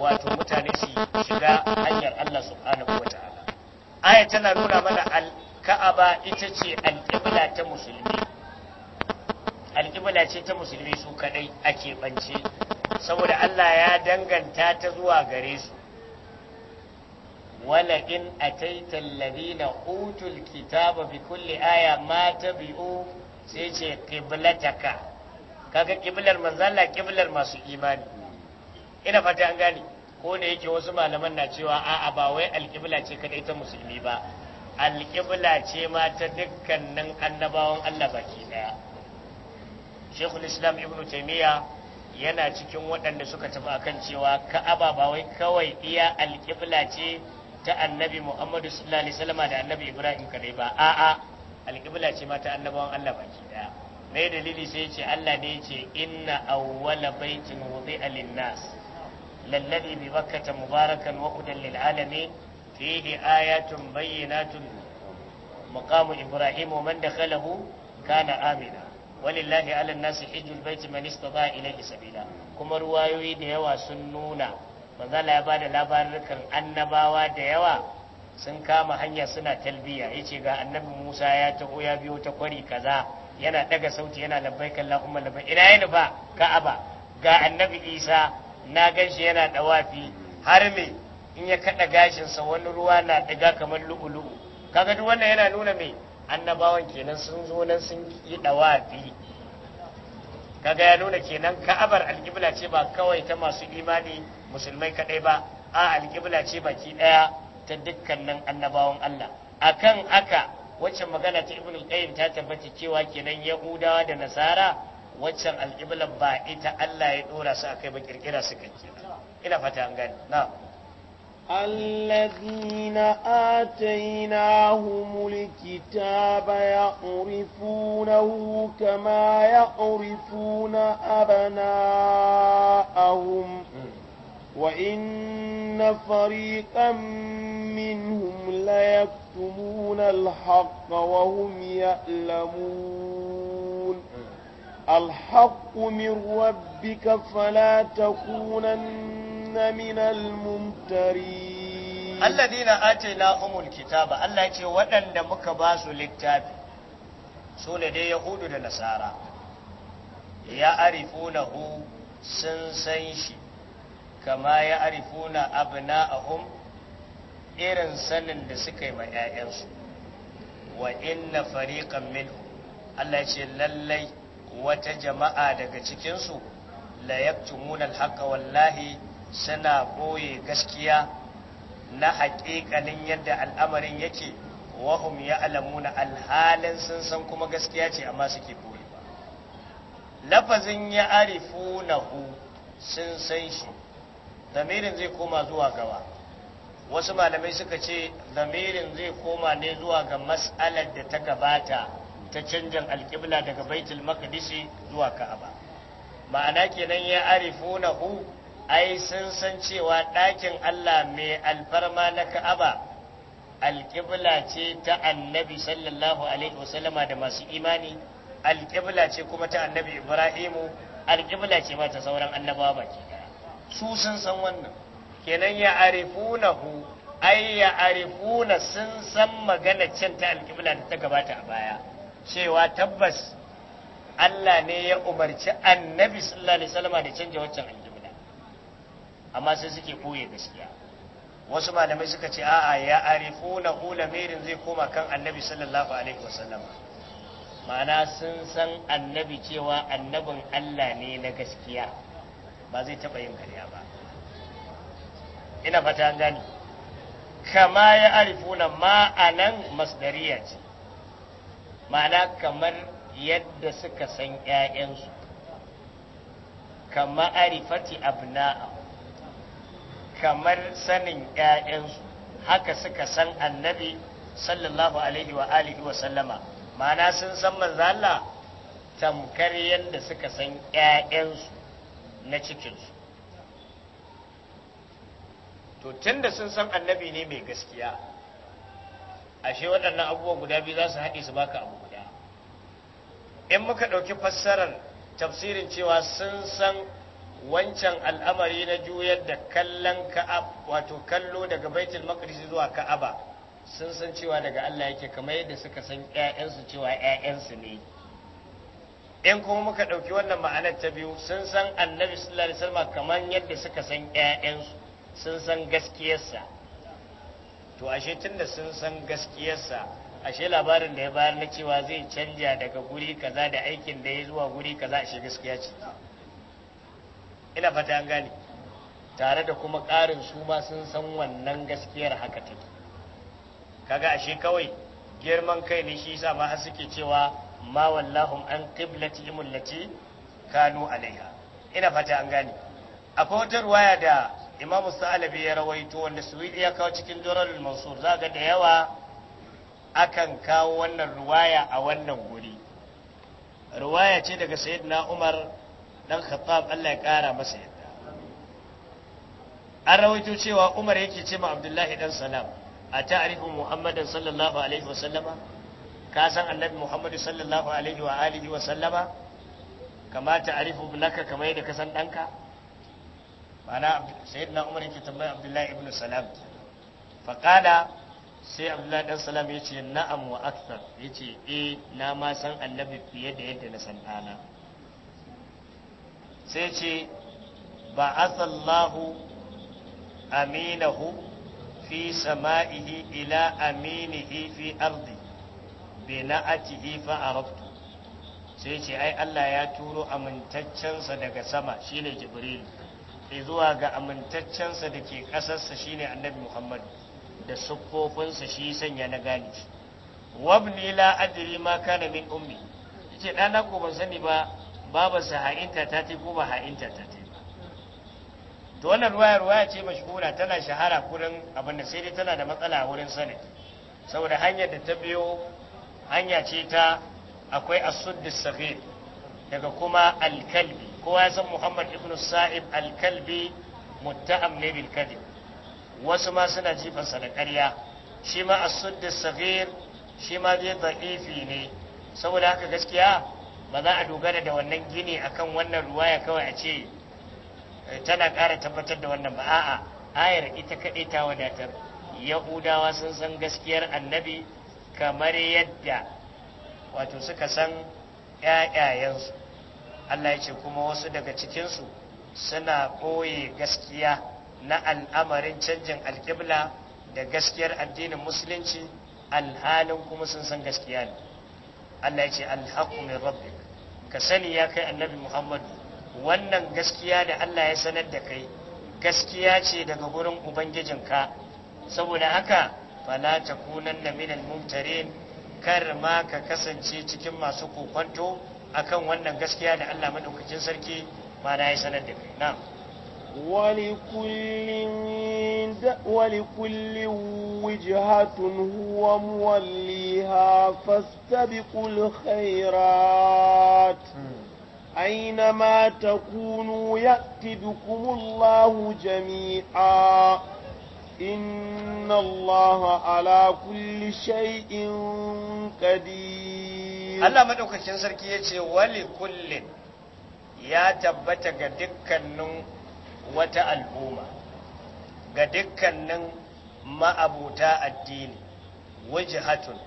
wato mutane su shiga hanyar Allah subhanahu wa ta'ala aya tana nuna mana al-ka'aba ita ce al-qibla ta musulmi al-qibla ce ta musulmi su kadai ake bance saboda Allah ya danganta ta zuwa gare su wala in ataita alladhina utul kitaba bikulli aya ma tabi'u sai ce qiblataka kaga kiblar manzala kiblar masu imani ina fata an gane ko ne yake wasu malaman na cewa a'a ba wai alƙibla ce kadai ta musulmi ba alƙibla ce ma ta dukkanin annabawan Allah baki daya Sheikhul Islam Ibn Taymiyyah yana cikin waɗanda suka tafi akan cewa Ka'aba ba wai kawai iya alƙibla ce ta Annabi Muhammadu sallallahu alaihi da Annabi Ibrahim kadai ba a'a alƙibla ce ma ta annabawan Allah baki daya me dalili sai ce Allah ne ce inna awwala baitin wudi'a lin-nas lalladhi bi bakkata mubarakan wa hudan lil alamin fihi ayatun bayyinatun maqamu ibrahim wa man dakhalahu kana amina walillahi ala nas hajjul baiti man istata'a ilayhi sabila kuma ruwayoyi da yawa sun nuna manzala ya bada labarukan annabawa da yawa sun kama hanya suna talbiya yace ga annabi Musa ya taho ya biyo ta kwari kaza yana daga sauti yana kalla kuma labbai ina nufa ka Ka'aba ga Annabi Isa na gan shi yana dawafi har me in ya kada gashin sa wani ruwa na daga kamar lu'ulu'u kaga duk wannan yana nuna me annabawan kenan sun zo nan sun yi dawafi kaga ya nuna kenan Ka'abar alƙibla ce ba kawai ta masu imani musulmai kadai ba a alƙibla ce baki daya ta dukkanin annabawan Allah akan aka waccan magana ta ibn al-qayyim ta tabbata cewa kenan yahudawa da nasara waccan al-qibla ba ita Allah ya dora su akai ba kirkira su kake ina fata an gani na الذين آتيناهم الكتاب يعرفونه كما يعرفون أبناءهم وإن فريقا منهم ليكتمون الحق وهم يألمون الحق من ربك فلا تكونن من الممترين الذين آتيناهم الكتاب الله يتي ودن دمك باسو للتاب سولة دي يهود دي نصارى يعرفونه سنسنشي kama ya arifuna abna ahum irin sanin da suka yi ma 'ya'yansu wa inna fariqan minhu Allah ce lallai wata jama'a daga cikinsu la yaktumuna haka wallahi suna boye gaskiya na haƙiƙanin yadda al'amarin yake wahum ya alamuna alhalin sun san kuma gaskiya ce amma suke boye ba lafazin ya hu sun san shi Zamirin zai koma zuwa gaba wasu malamai suka ce zamirin zai koma ne zuwa ga mas'alar da ta gabata ta canjin alƙibla daga baitul maqdisi zuwa ka'aba ma'ana kenan ya na hu ai sun san cewa ɗakin Allah mai alfarma na ka'aba alƙibla ce ta annabi sallallahu alaihi wasallama da masu imani alƙibla ce kuma ta annabi ibrahimu alƙibla ce ma ta sauran annabawa baki ɗaya su sun san wannan kenan ya arifunahu ai ya arifuna sun san magana can ta alƙibla da ta gabata a baya cewa tabbas Allah ne ya umarci annabi sallallahu alaihi wasallam da canja waccan alƙibla amma sai suke koye gaskiya wasu malamai suka ce a'a ya arifuna hu lamirin zai koma kan annabi sallallahu alaihi wasallam ma'ana sun san annabi cewa annabin Allah ne na gaskiya ba zai taɓa yin karya ba ina fata an gani kama ya arifuna ma'anan masdariya ce ma'ana kamar yadda suka san 'ya'yansu kama arifati abna'a kamar sanin 'ya'yansu haka suka san annabi sallallahu alaihi wa alihi wa sallama ma'ana sun san manzala Allah tamkar yadda suka san 'ya'yansu na cikinsu to tun da sun san annabi ne mai gaskiya ashe waɗannan abubuwan guda biyu za su haɗe su baka abu guda in muka ɗauki fassarar tafsirin cewa sun san wancan al'amari na juyar da kallon ka'ab wato kallo daga baitul maqdis zuwa ka'aba sun san cewa daga Allah yake kamar yadda suka san ƴaƴansu cewa ƴaƴansu ne in kuma muka ɗauki wannan ma'anar ta biyu sun san annabi sallallahu alaihi wasallam kamar yadda suka san ƴaƴansu sun san gaskiyarsa to ashe tunda sun san gaskiyarsa ashe labarin da ya bayar na cewa zai canja daga guri kaza da aikin da ya zuwa guri kaza ashe gaskiya ce ina fata an gane tare da kuma ƙarin su ma sun san wannan gaskiyar haka take kaga ashe kawai girman kai ne shi yasa ma har suke cewa ma wallahum an qiblatihim allati kanu alaiha ina fata an gane akwai wata ruwaya da imamu sa'alabi ya rawaito wanda suwidi ya kawo cikin doralul mansur zaga da yawa akan kawo wannan ruwaya a wannan guri ruwaya ce daga sayyidina umar dan khattab Allah ya kara masa yadda an rawaito cewa umar yake ce ma abdullahi dan salam a ta'arifu muhammadan sallallahu alaihi wasallama ka san annabi muhammadu sallallahu alaihi wa alihi wa sallama kama ta'rifu ibnaka kamar yadda ka san danka mana na umar yake tambaya abdullahi ibn salam fa qala sai abdullahi dan salam ya ce na'am wa ya ce e na ma san annabi fiye da yadda na san dana sai ce ba ba'athallahu aminahu fi sama'ihi ila aminihi fi ardi bi na'atihi fa araftu sai ce ai Allah ya turo amintaccensa daga sama shine Jibril zuwa ga amintaccensa da ke ƙasarsa shine Annabi Muhammadu da siffofinsa shi sanya na gane shi wabni la ma kana min ummi yace ɗana ko ban sani ba babarsa ha'inta ta ta ko ba ha'inta ta ta to wannan ruwaya ruwaya ce mashhura tana shahara kurin abin da sai dai tana da matsala wurin sanin saboda hanyar da ta biyo hanya ce ta akwai asuddi safir daga kuma alkalbi kowa ya san muhammad ibn sa'ib alkalbi mutta'am ne bil kadib wasu ma suna jifansa da ƙarya shi ma asuddi safir shi ma dai da'ifi ne saboda haka gaskiya ba za a dogara da wannan gini akan wannan ruwaya kawai a ce eh, tana ƙara tabbatar da wannan ba a'a ayar ita kaɗai ta wadatar yahudawa sun san gaskiyar annabi kamar yadda wato suka san ‘ya'yayensu Allah ya ce kuma wasu daga cikinsu suna ɓoye gaskiya na al'amarin canjin alƙibla da gaskiyar addinin musulunci alhalin kuma sun san gaskiya ne Allah ya ce min rabbik ka sani ya kai annabi muhammadu wannan gaskiya da Allah ya sanar da kai gaskiya ce daga gurin ubangijinka saboda haka فلا تكونن من الممترين kar ma ka kasance cikin masu kokonto akan wannan gaskiya da Allah madaukakin sarki ma na yi sanar da kai na wali kulli wijhatun huwa muwalliha fastabiqul khairat aina ma takunu yatidukumullahu jami'a إن الله على كل شيء قدير الله مدوكاكين سركي يتي ولي كل يا تبتا دكان wata al'umma ga dukkanin ma'abuta addini wajhatun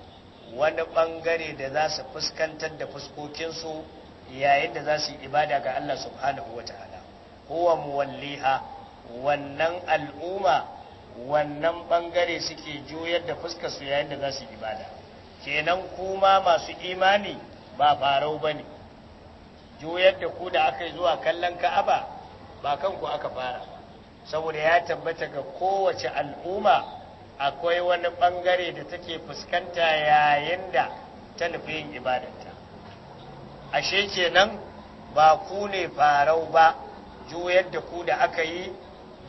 wani ɓangare da za su fuskantar da fuskokinsu yayin da za su yi ibada ga Allah subhanahu wa ta'ala huwa muwalliha wannan al'umma wannan ɓangare suke juyar da fuskar su yayin da za su ibada kenan kuma masu imani ba farau ba ne juyar da ku da aka yi zuwa kallon ka'aba ba kanku aka fara saboda ya tabbata ga kowace al'umma akwai wani bangare da take fuskanta yayin da ta nufi yin ibadanta ashe kenan ba ku ne farau ba juyar da ku da aka yi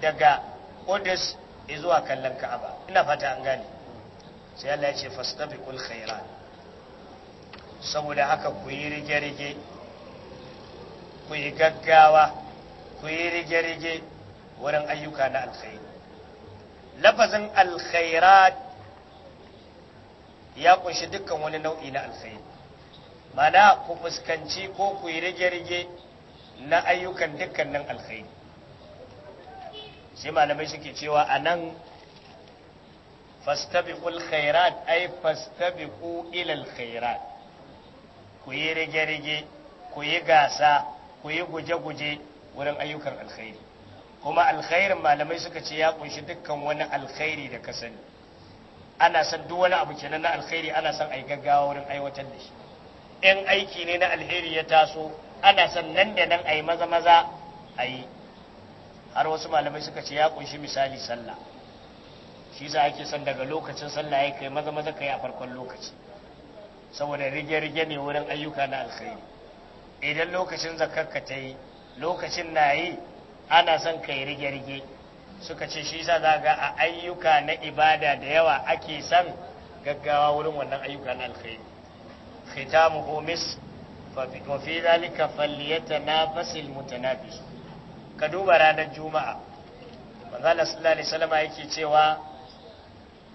daga Kudus Eh, zuwa kallon ka'aba ina fata an gane sai Allah ya ce fastabiqul khairat saboda haka ku yi rige-rige ku yi gaggawa ku yi rige-rige wurin ayyuka na alkhairi lafazin alkhairat ya kunshi dukkan wani nau'i na alkhairi mana ku fuskanci ko ku yi rige-rige na ayyukan dukkanin alkhairi sai malamai suke cewa a nan fastabiqul khairat ay fastabiqu ilal khairat ku yi rige-rige ku yi gasa ku yi guje-guje wurin ayyukan alkhairi kuma alkhairin malamai suka ce ya kunshi dukkan wani alkhairi da ka sani ana san duk wani abu kenan na alkhairi ana san ai gaggawa wurin aiwatar da shi in aiki ne na alheri ya taso ana san nan da nan ai maza maza ayi har wasu malamai suka ce ya kunshi misali sallah shi za ake son daga lokacin sallah ya kai maza maza kai a farkon lokaci saboda rige rige ne wurin ayyuka na alkhairi idan lokacin zakarka ta yi lokacin na yi ana son kai rige rige suka ce shi za za ga a ayyuka na ibada da yawa ake son gaggawa wurin wannan ayyuka na alkhairi khitamu homis wa fi na falyatanafasil mutanafisun ka duba ranar juma'a manzala sallallahu alaihi wasallam yake cewa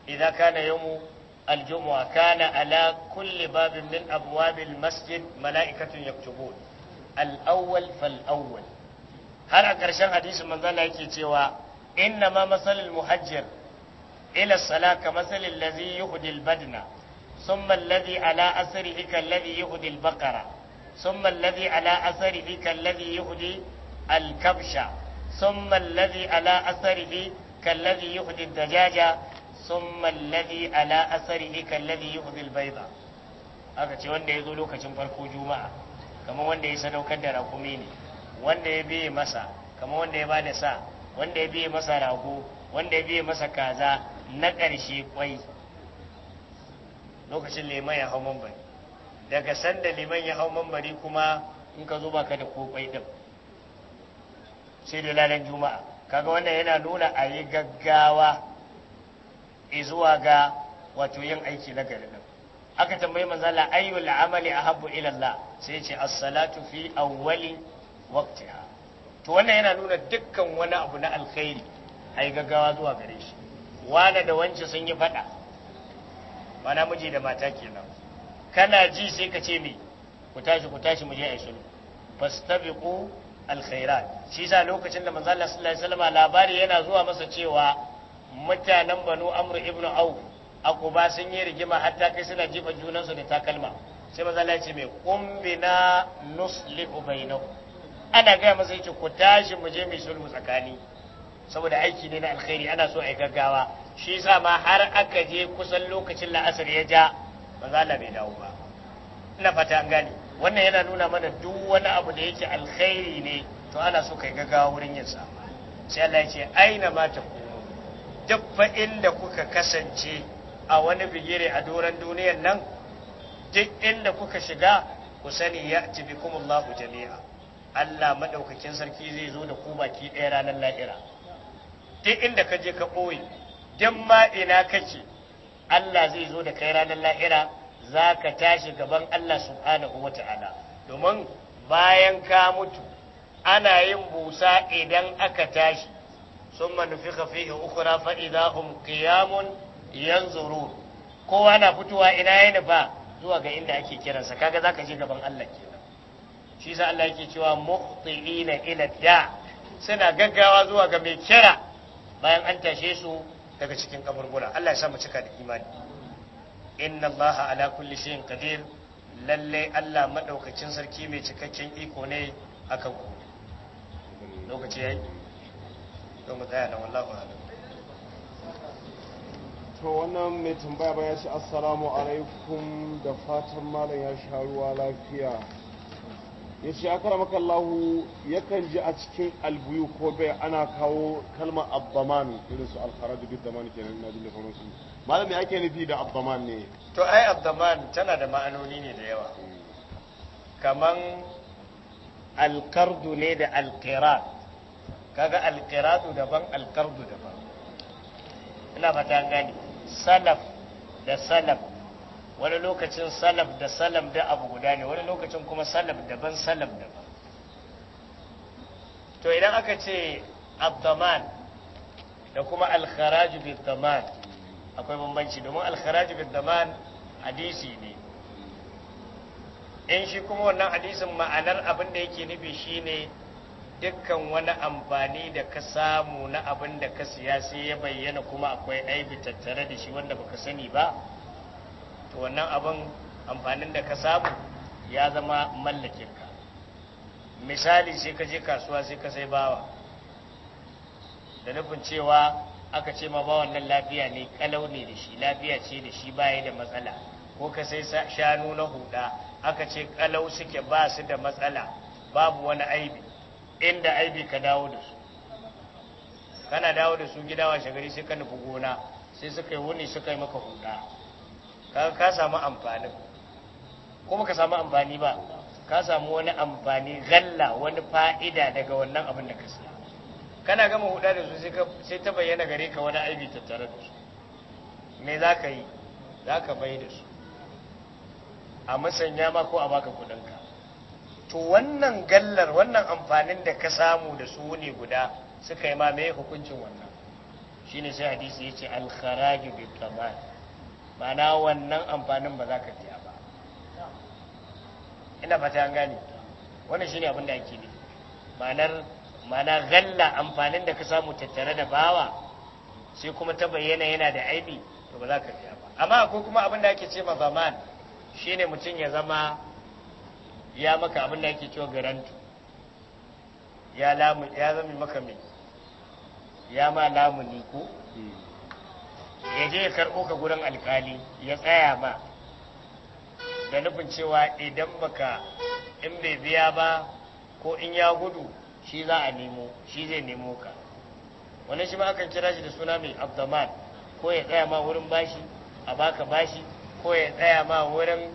idan kana yawmu aljumu'a kana ala kulli babin min abwabil masjid mala'ikatun yaktubun al-awwal fal awwal har a ƙarshen hadisin manzala yake cewa inna ma masalil muhajjir ila sala ka masalil ladhi yuhdi al-badna ثم الذي على أثره كالذي يهدي البقرة ثم الذي على أثره كالذي يهدي الكبش ثم الذي على أثره كالذي يهدي الدجاجة ثم الذي على أثره كالذي يهدي البيضة aka ce wanda ya zo lokacin farko juma'a kamar wanda ya sadaukar da rakumi ne wanda ya biye masa kamar wanda ya bada sa wanda ya biye masa rago wanda ya biye masa kaza na ƙarshe kwai lokacin liman ya hau mambari daga sanda liman ya hau mambari kuma in ka zo baka da ko kwai din sai dai lalan juma'a kaga wannan yana nuna a yi gaggawa zuwa ga wato yin aiki na gari nan aka tambayi manzala ayyul amali ahabbu ila Allah sai ce as-salatu fi awwali waqtiha to wannan yana nuna dukkan wani abu na alkhairi a yi gaggawa zuwa gare shi wane da wance sun yi fada mana miji da mata kenan kana ji sai ka ce me ku tashi ku tashi mu je ai sulhu fastabiqu alkhairat shi yasa lokacin da manzo Allah sallallahu alaihi wasallam labari yana zuwa masa cewa mutanen Banu amru ibnu au akuba sun yi rigima hatta kai suna jifa junansu da takalma sai manzo Allah ya ce me bina nuslihu bainakum ana gaya masa yace ku tashi mu je mu sulhu tsakani saboda aiki ne na alkhairi ana so a gaggawa shi yasa ma har aka je kusan lokacin la'asar ya ja manzo Allah bai dawo ba ina fata an gane wannan yana nuna mana duk wani abu da yake alkhairi ne to ana so kai gaga wurin yin sa sai Allah ya ce aina ma ta duk fa inda kuka kasance a wani bigire a doran duniyar nan duk inda kuka shiga ku sani ya tibikumullahu jami'a Allah madaukakin sarki zai zo da ku baki ɗaya ranar lahira duk inda ka je ka ɓoye duk ma ina kake Allah zai zo da kai ranar lahira za ka tashi gaban Allah subhanahu wa ta'ala domin bayan ka mutu ana yin busa idan aka tashi sun manufi fihi ukura fa'iza hum qiyamun zuru kowa na fitowa ina ya nufa zuwa ga inda ake kiransa kaga za ka je gaban Allah kenan shi sa Allah yake cewa muhti'ina ila da suna gaggawa zuwa ga mai kira bayan an tashe su daga cikin kaburbura Allah ya sa mu cika da imani inna allaha ala kulli shay'in lallai lalle Allah madaukakin sarki mai cikakken iko ne akan ku lokaci yayi don mu tsaya da wallahi ba. to wannan mai tambaya ba ya ce assalamu alaikum da fatan malam ya sha ruwa lafiya ya ce ya kara maka yakan ji a cikin albuyu ko bai ana kawo kalma abdaman irin su da bi mani kenan na jin da su malam ya ke nufi da abdaman ne to ai abdaman tana da ma'anoni ne da yawa kaman alkardu ne da alkirat kaga alkiratu daban alkardu daban ina fata gani salaf da salaf wani lokacin salaf da salaf da abu guda ne wani lokacin kuma salaf daban salaf daban to idan aka ce abdaman da kuma alkharaju bi daman akwai bambanci domin alkharaju bi daman hadisi ne in shi kuma wannan hadisin ma'anar abin da yake nufi shine dukkan wani amfani da ka samu na abin da ka siya sai ya bayyana kuma akwai aibi tattare da shi wanda baka sani ba to wannan abin amfanin da ka samu ya zama mallakin ka misali sai ka je kasuwa sai ka sai bawa da nufin cewa aka ce ma bawan nan lafiya ne kalau ne da shi lafiya ce da shi baya da matsala ko ka sai shanu na huda aka ce kalau suke ba su da matsala babu wani aibi inda aibi ka dawo da su kana dawo da su gida washe gari sai ka nufi gona sai suka yi wuni suka yi maka huda ka samu amfanin kuma ka samu amfani ba ka samu wani amfani galla wani fa'ida daga wannan abin da ka siya kana gama huda da su sai ta bayyana gare ka wani aibi tattare da su me za ka yi za ka bai da su a musanya ma ko a baka kudinka to wannan gallar wannan amfanin da ka samu da su ne guda suka yi ma me hukuncin wannan shine sai hadisi yace al-kharaju bi tamam Ma'ana wannan amfanin ba za ka biya ba ina fata an gane wannan shine abin da ake ne ma'anar ma'ana galla amfanin da ka samu tattare da bawa sai kuma ta bayyana yana da aibi to ba za ka biya ba amma ko kuma abin da ake ce ma zaman shine mutum ya zama ya maka abin da ake cewa garantu ya lamu ya zama maka mai ya ma lamuni ko hmm. ya je ya karɓo ka gurin alkali ya tsaya ba da nufin cewa idan baka in bai biya ba ko in ya gudu shi za a nemo shi zai nemo ka wani shi ma akan kira shi da suna mai abdaman ko ya tsaya ma wurin bashi a baka bashi ko ya tsaya ma wurin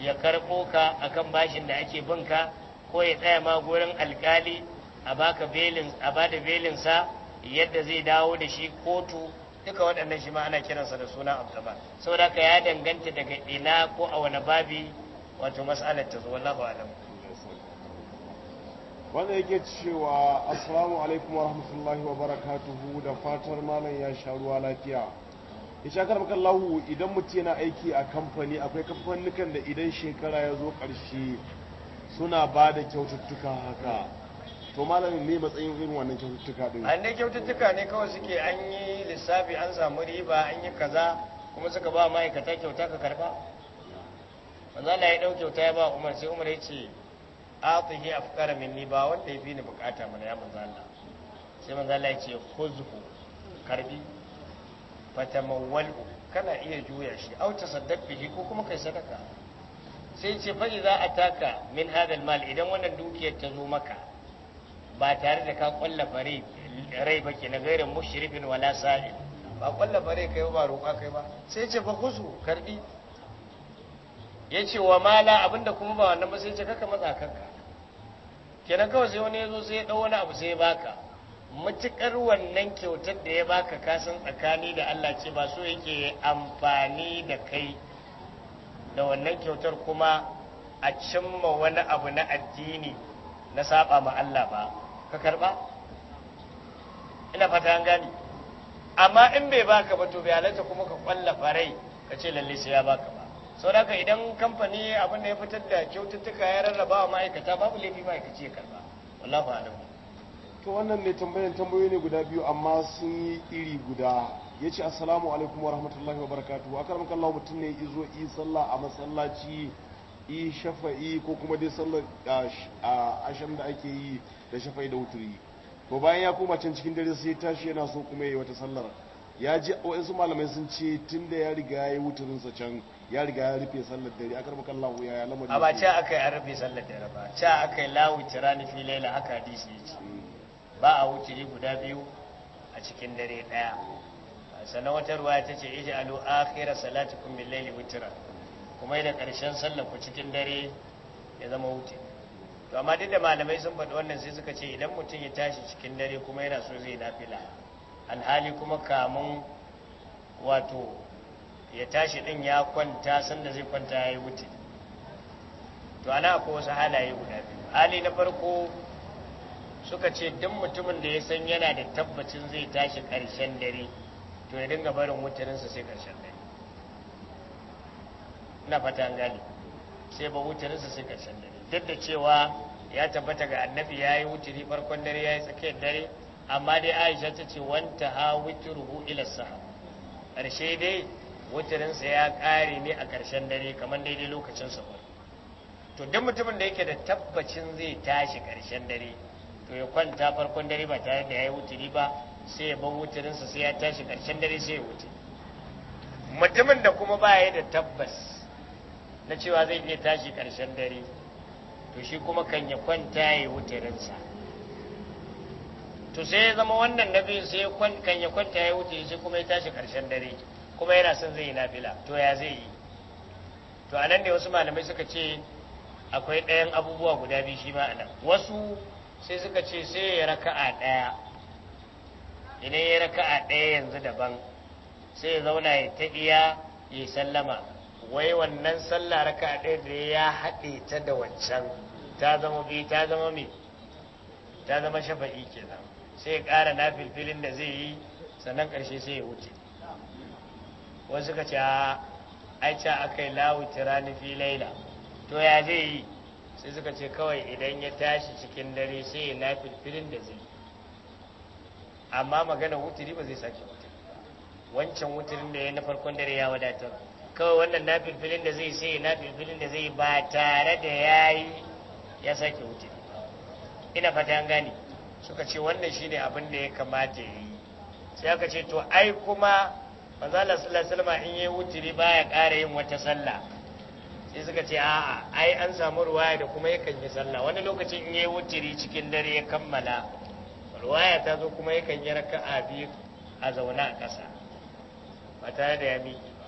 ya karɓo ka akan bashin da ake bin ka ko ya tsaya ma wurin alkali a baka belin a bada belinsa yadda zai dawo da shi kotu duka waɗannan shi ma ana kiransa da suna abdaba saboda ka ya danganta daga ina ko a wani babi wato mas'alar ta zo wallahu alam wanda yake cewa assalamu alaikum wa rahmatullahi wa barakatuhu da fatar malam ya sha ruwa lafiya isha karmaka lahu idan mutum yana aiki a kamfani akwai kamfanukan da idan shekara ya zo ƙarshe suna ba da kyaututtuka haka to malamin ne matsayin irin wannan kyaututtuka din an ne kyaututtuka ne kawai suke an yi lissafi an samu riba an yi kaza kuma suka ba ma'aikata kyauta ka karba manzo Allah ya dau kyauta ya ba Umar sai Umar ya ce atihi afqara minni ba wanda ya fi ni bukata mana ya manzo Allah sai manzo Allah ya ce khuzhu karbi fatamawwalu kana iya juya shi au tasaddaq bihi ko kuma kai sadaka sai ce fa idza ataka min hadha al mal idan wannan dukiyar ta zo maka ba tare da ka kwalla fare rai ba ke na gairin mushrifin wala sa'il ba kwalla fare kai ba roƙa kai ba sai ce ba kusu karbi ya ce wa mala abinda kuma ba wannan ba sai ce kaka matsa kanka kenan kawai sai wani yazo sai ya dau wani abu sai ya baka matukar wannan kyautar da ya baka kasan tsakani da Allah ce ba so yake amfani da kai da wannan kyautar kuma a cimma wani abu na addini na saba ma Allah ba ka karba ina fata an gani. amma in bai baka ba to bai kuma ka kwalla farai ka ce lalle sai ya baka ba sau da idan kamfani abin da ya fitar da kyaututtuka ya rarraba wa ma'aikata babu laifi ma'aikaci ya karba wallahu alam to wannan ne tambayan tambayoyi ne guda biyu amma sun yi iri guda ya ce assalamu alaikum wa rahmatullahi wa barakatuhu a karamin kallon mutum ne izo yi sallah a masallaci yi shafa'i ko kuma dai sallar ah, ah, ashen da ake yi da shafa'i da wuturi to bayan ya koma can cikin dare sai tashi yana so kuma yayi wata sallar ya ji wasu malamai sun ce tunda ya riga ya yi wutarinsa can ya riga ya rufe sallar dare a karɓar kan ya lamarin a ba ca aka yi a rufe sallar dare ba ca aka yi lawu tirani fi laila aka hadisi ya ce hmm. ba a wuturi guda biyu a cikin dare ɗaya sannan wata ruwa ta ce iji alu akhira salatikum min laili wutura kuma da karshen sallar ku cikin dare ya zama wuturi to amma duk da malamai sun faɗi wannan sai suka ce idan mutum ya tashi cikin dare kuma yana so zai nafila alhali kuma kamun wato ya tashi ɗin ya kwanta sanda zai kwanta ya yi wuce to ana ko wasu halaye guda biyu hali na farko suka ce duk mutumin da ya san yana da tabbacin zai tashi ƙarshen dare to ya dinga barin wutarinsa sai ƙarshen dare na fatan gani sai ba wutarinsa sai ƙarshen dare duk da cewa ya tabbata ga annabi ya yi wuturi farkon dare ya yi tsakiyar dare amma dai aisha ta ce wanta ha wuturu ila sahar ƙarshe dai wuturinsa ya ƙare ne a ƙarshen dare kamar daidai lokacin safar to duk mutumin da yake da tabbacin zai tashi ƙarshen dare to ya kwanta farkon dare ba tare da ya yi wuturi ba sai ya bar wuturinsa sai ya tashi ƙarshen dare sai ya wuce mutumin da kuma ba ya da tabbas na cewa zai iya tashi ƙarshen dare to shi kuma kan ya kwanta ya yi wutarinsa to sai ya zama wannan na biyu sai kan ya kwanta ya yi wutari shi kuma ya tashi karshen dare kuma yana son zai yi nafila to ya zai yi to a nan ne wasu malamai suka ce akwai ɗayan abubuwa guda biyu shi ma a nan wasu sai suka ce sai ya raka'a ɗaya idan ya raka'a ɗaya yanzu daban sai ya zauna ya taɗiya ya sallama wai wannan sallah raka'a ɗaya da ya haɗe ta da wancan ta zama bi ta zama me ta zama shafa'i nan sai ya ƙara na filfilin da zai yi sannan ƙarshe sai ya wuce wasu suka ce a ca aka yi lawuti rani fi laila to ya zai yi sai suka ce kawai idan ya tashi cikin dare sai ya na filfilin da zai yi amma magana wuturi ba zai sake wuta wancan wuturin da ya na farkon dare ya wadatar kawai wannan na filfilin da zai sai na filfilin da zai ba tare da ya yi ya sake wuce ina fata an gane suka ce wannan shine abin da ya kamata ya yi sai aka ce to ai kuma ba za sallallahu alaihi in ya wutiri baya ƙara yin wata sallah sai suka ce a'a ai an samu ruwaya da kuma yakan yi sallah wani lokacin in yi wutiri cikin dare ya kammala ruwaya ta zo kuma yakan yi a biyu a zaune a ƙasa ba tare da ya miƙi ba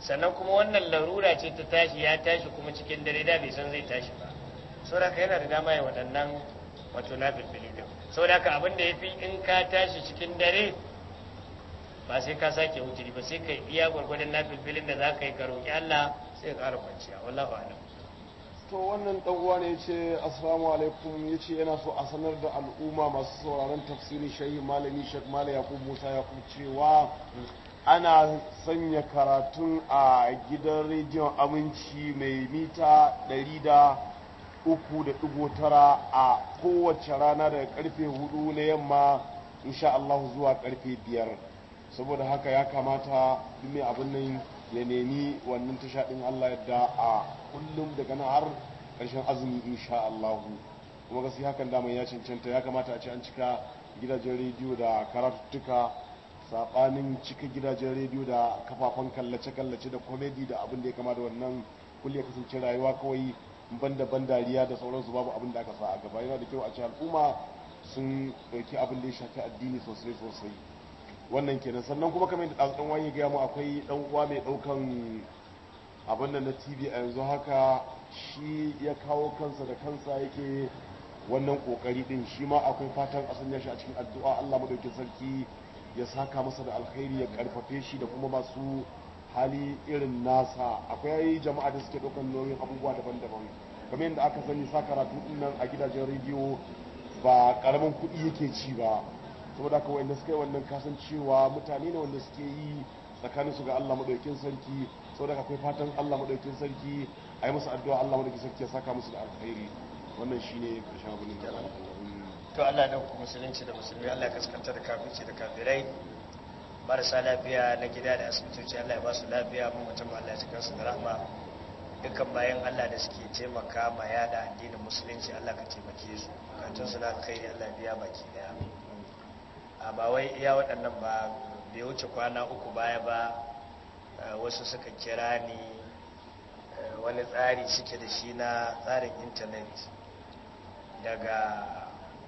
sannan kuma wannan larura ce ta tashi ya tashi kuma cikin dare da bai san zai tashi ba saboda yana da dama ya waɗannan wato na bilbili din saboda ka abin da ya fi in ka tashi cikin dare ba sai ka sake wuturi ba sai ka iya gwargwadon na bilbilin da za ka yi ka roƙi Allah sai ka ƙara kwanciya wallahu alam to wannan dan uwa ne yace assalamu alaikum yace yana so a sanar da al'umma masu sauraron tafsirin shehi malami shek Mala Yakub Musa Yakub cewa ana sanya karatun a gidan rediyon aminci mai mita 100 uku da ɗigo tara a kowace rana daga karfe hudu na yamma insha Allah zuwa karfe biyar saboda haka ya kamata mai abin ya nemi wannan tasha ɗin Allah yadda a kullum daga na har ƙarshen azumi insha Allah kuma gasi hakan damar ya cancanta ya kamata a ce an cika gidajen rediyo da karatuttuka saɓanin cika gidajen rediyo da kafafen kallace-kallace da komedi da abin da ya kama da wannan kulle kasance rayuwa kawai banda ban dariya da sauransu babu abin da aka sa a gaba yana da kyau a ci al'umma sun ɗauki abin da ya shafi addini sosai sosai wannan kenan sannan kuma kamar yadda ɗan wani gaya mu akwai ɗan uwa mai ɗaukan abin da na tv a yanzu haka shi ya kawo kansa da kansa yake wannan kokari ɗin shi ma akwai fatan a sanya shi a cikin addu'a Allah madaukin sarki ya saka masa da alkhairi ya karfafe shi da kuma masu hali irin nasa akwai jama'a da suke ɗaukar nauyin abubuwa daban-daban kamar yadda aka sani sa karatu nan a gidajen rediyo ba karamin kuɗi yake ci ba saboda haka wanda suka yi wannan kasancewa mutane ne wanda suke yi tsakaninsu ga Allah madaukin sarki saboda akwai fatan Allah madaukin sarki a yi musu addu'a Allah madaukin sarki ya saka musu da alkhairi wannan shine karshen abin da Allah to Allah da ku musulunci da musulmi Allah ya kaskanta da kafirci da kafirai marasa lafiya na gida da asibitoci Allah ya ba su lafiya mu mutum Allah ya cika su da rahma dukkan bayan Allah da suke taimaka ma yada addinin musulunci Allah ka taimake su bukatun su na alkhairi Allah biya baki daya a ba wai iya waɗannan ba bai wuce kwana uku baya ba eh, wasu suka kira ni eh, wani tsari suke da shi na tsarin intanet daga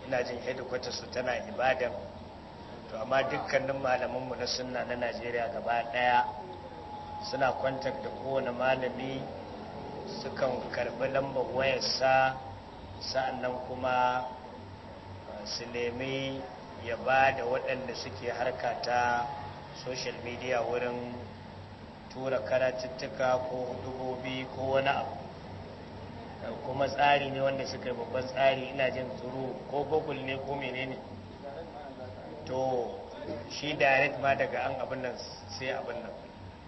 ina jin headquarters su tana ibadan to amma dukkanin malamanmu na sunna na najeriya gaba daya suna kwantar da kowane malami sukan karbi lambar wayarsa sa'annan kuma uh, su nemi ya ba da waɗanda suke harka ta social media wurin tura karatuttuka ko dubobi ko wani abu uh, kuma tsari ne wanda suka yi babban tsari ina jin turu ko google ne ko menene ne to shi direct ma daga an abin nan sai abin nan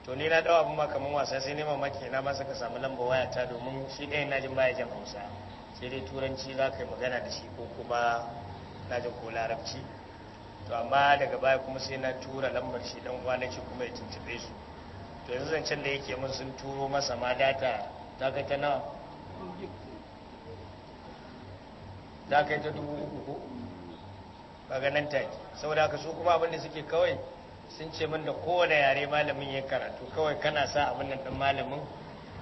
to ni na dawo abin ma kamar wasa sai ne mamaki na masa ka samu lamba waya ta domin shi ɗaya na jin baya jan hausa sai dai turanci za ka yi magana da shi ko kuma na jin ko larabci to amma daga baya kuma sai na tura lambar shi dan nake kuma ya tuntube su to yanzu zancen da yake mun sun turo masa ma data ta kai ta nawa ta kai ta dubu uku ko ga nan take saboda haka su kuma abin da suke kawai sun ce min da kowane yare malamin ya karatu kawai kana sa abin nan ɗan malamin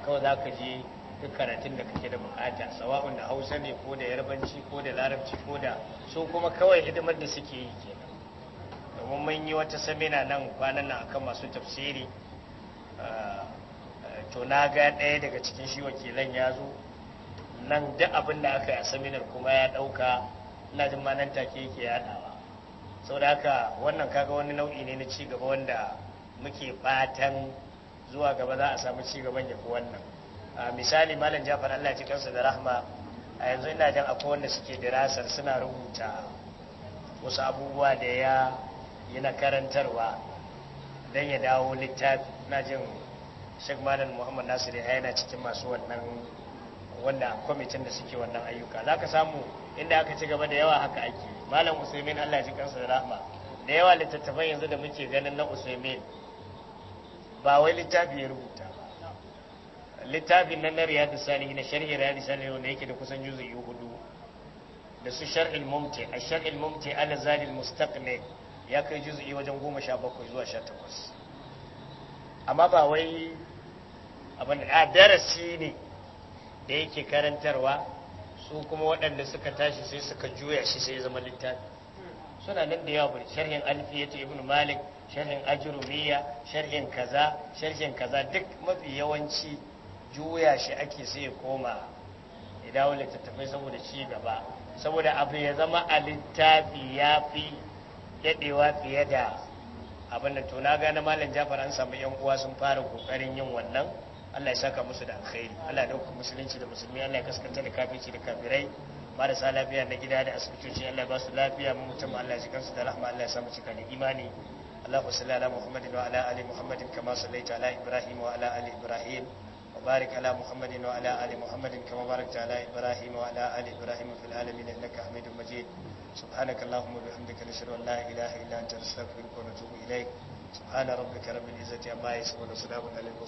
kawai za ka je duk karatun da kake da bukata sawa'un da hausa ne ko da yarbanci ko da larabci ko da su kuma kawai hidimar da suke yi kenan domin mun yi wata samina nan kwanan nan akan masu tafsiri ah, to na ga ɗaya daga cikin shi wakilan ya zo nan duk abin da aka yi a saminar kuma ya ɗauka ina jin ma nan take yake yadawa saboda haka wannan kaga wani nau'i ne na ci wanda muke fatan zuwa gaba za a samu cigaban gaban ya fi wannan misali malam jafar Allah ya kansa da rahma a yanzu ina jin akwai wanda suke dirasar suna rubuta wasu abubuwa da ya yi na karantarwa don ya dawo littafi na jin shek malam muhammad nasiru ya yana cikin masu wannan wanda kwamitin da suke wannan ayyuka za ka samu inda aka ci gaba da yawa haka ake malam usaimin allah ji kansa da rahma da yawa littattafan yanzu da muke ganin na usaimin ba wai littafi ya rubuta ba littafin nan na riyadu Sani na sharhi riyadu salihi wanda yake da kusan juzu'i hudu da su shar'il mumti a shar'il mumti ala zalil mustaqni ya kai juzu'i wajen goma sha bakwai zuwa sha takwas amma ba wai abin a darasi ne da yake karantarwa su kuma waɗanda suka tashi sai suka juya shi sai zama littafi suna nan da yawa sharhin alfiyatu ibn malik sharhin ajrumiya sharhin kaza sharhin kaza duk mafi yawanci juya shi ake sai ya koma ya dawo littattafai saboda ci gaba saboda abu ya zama a littafi ya fi daɗewa fiye da abin da to na gane malam jafar an samu yan uwa sun fara kokarin yin wannan Allah ya saka musu da alkhairi Allah ya dauka musulunci da musulmi Allah ya kaskanta da kafirci da kafirai marasa lafiya na gida da asibitoci Allah ya ba su lafiya mu Allah ya shiga da rahma Allah ya sa mu cika da imani Allahu salli ala Muhammadin wa ala ali Muhammadin kama sallaita ala Ibrahim wa ala ali Ibrahim wa barik Muhammadin kama barakta ala Ibrahim wa ala Ibrahim fil alamin innaka Hamidum Majid سبحانك اللهم وبحمدك نشهد ان لا اله الا انت نستغفرك ونتوب اليك سبحان ربك رب العزه عما يصفون وسلام على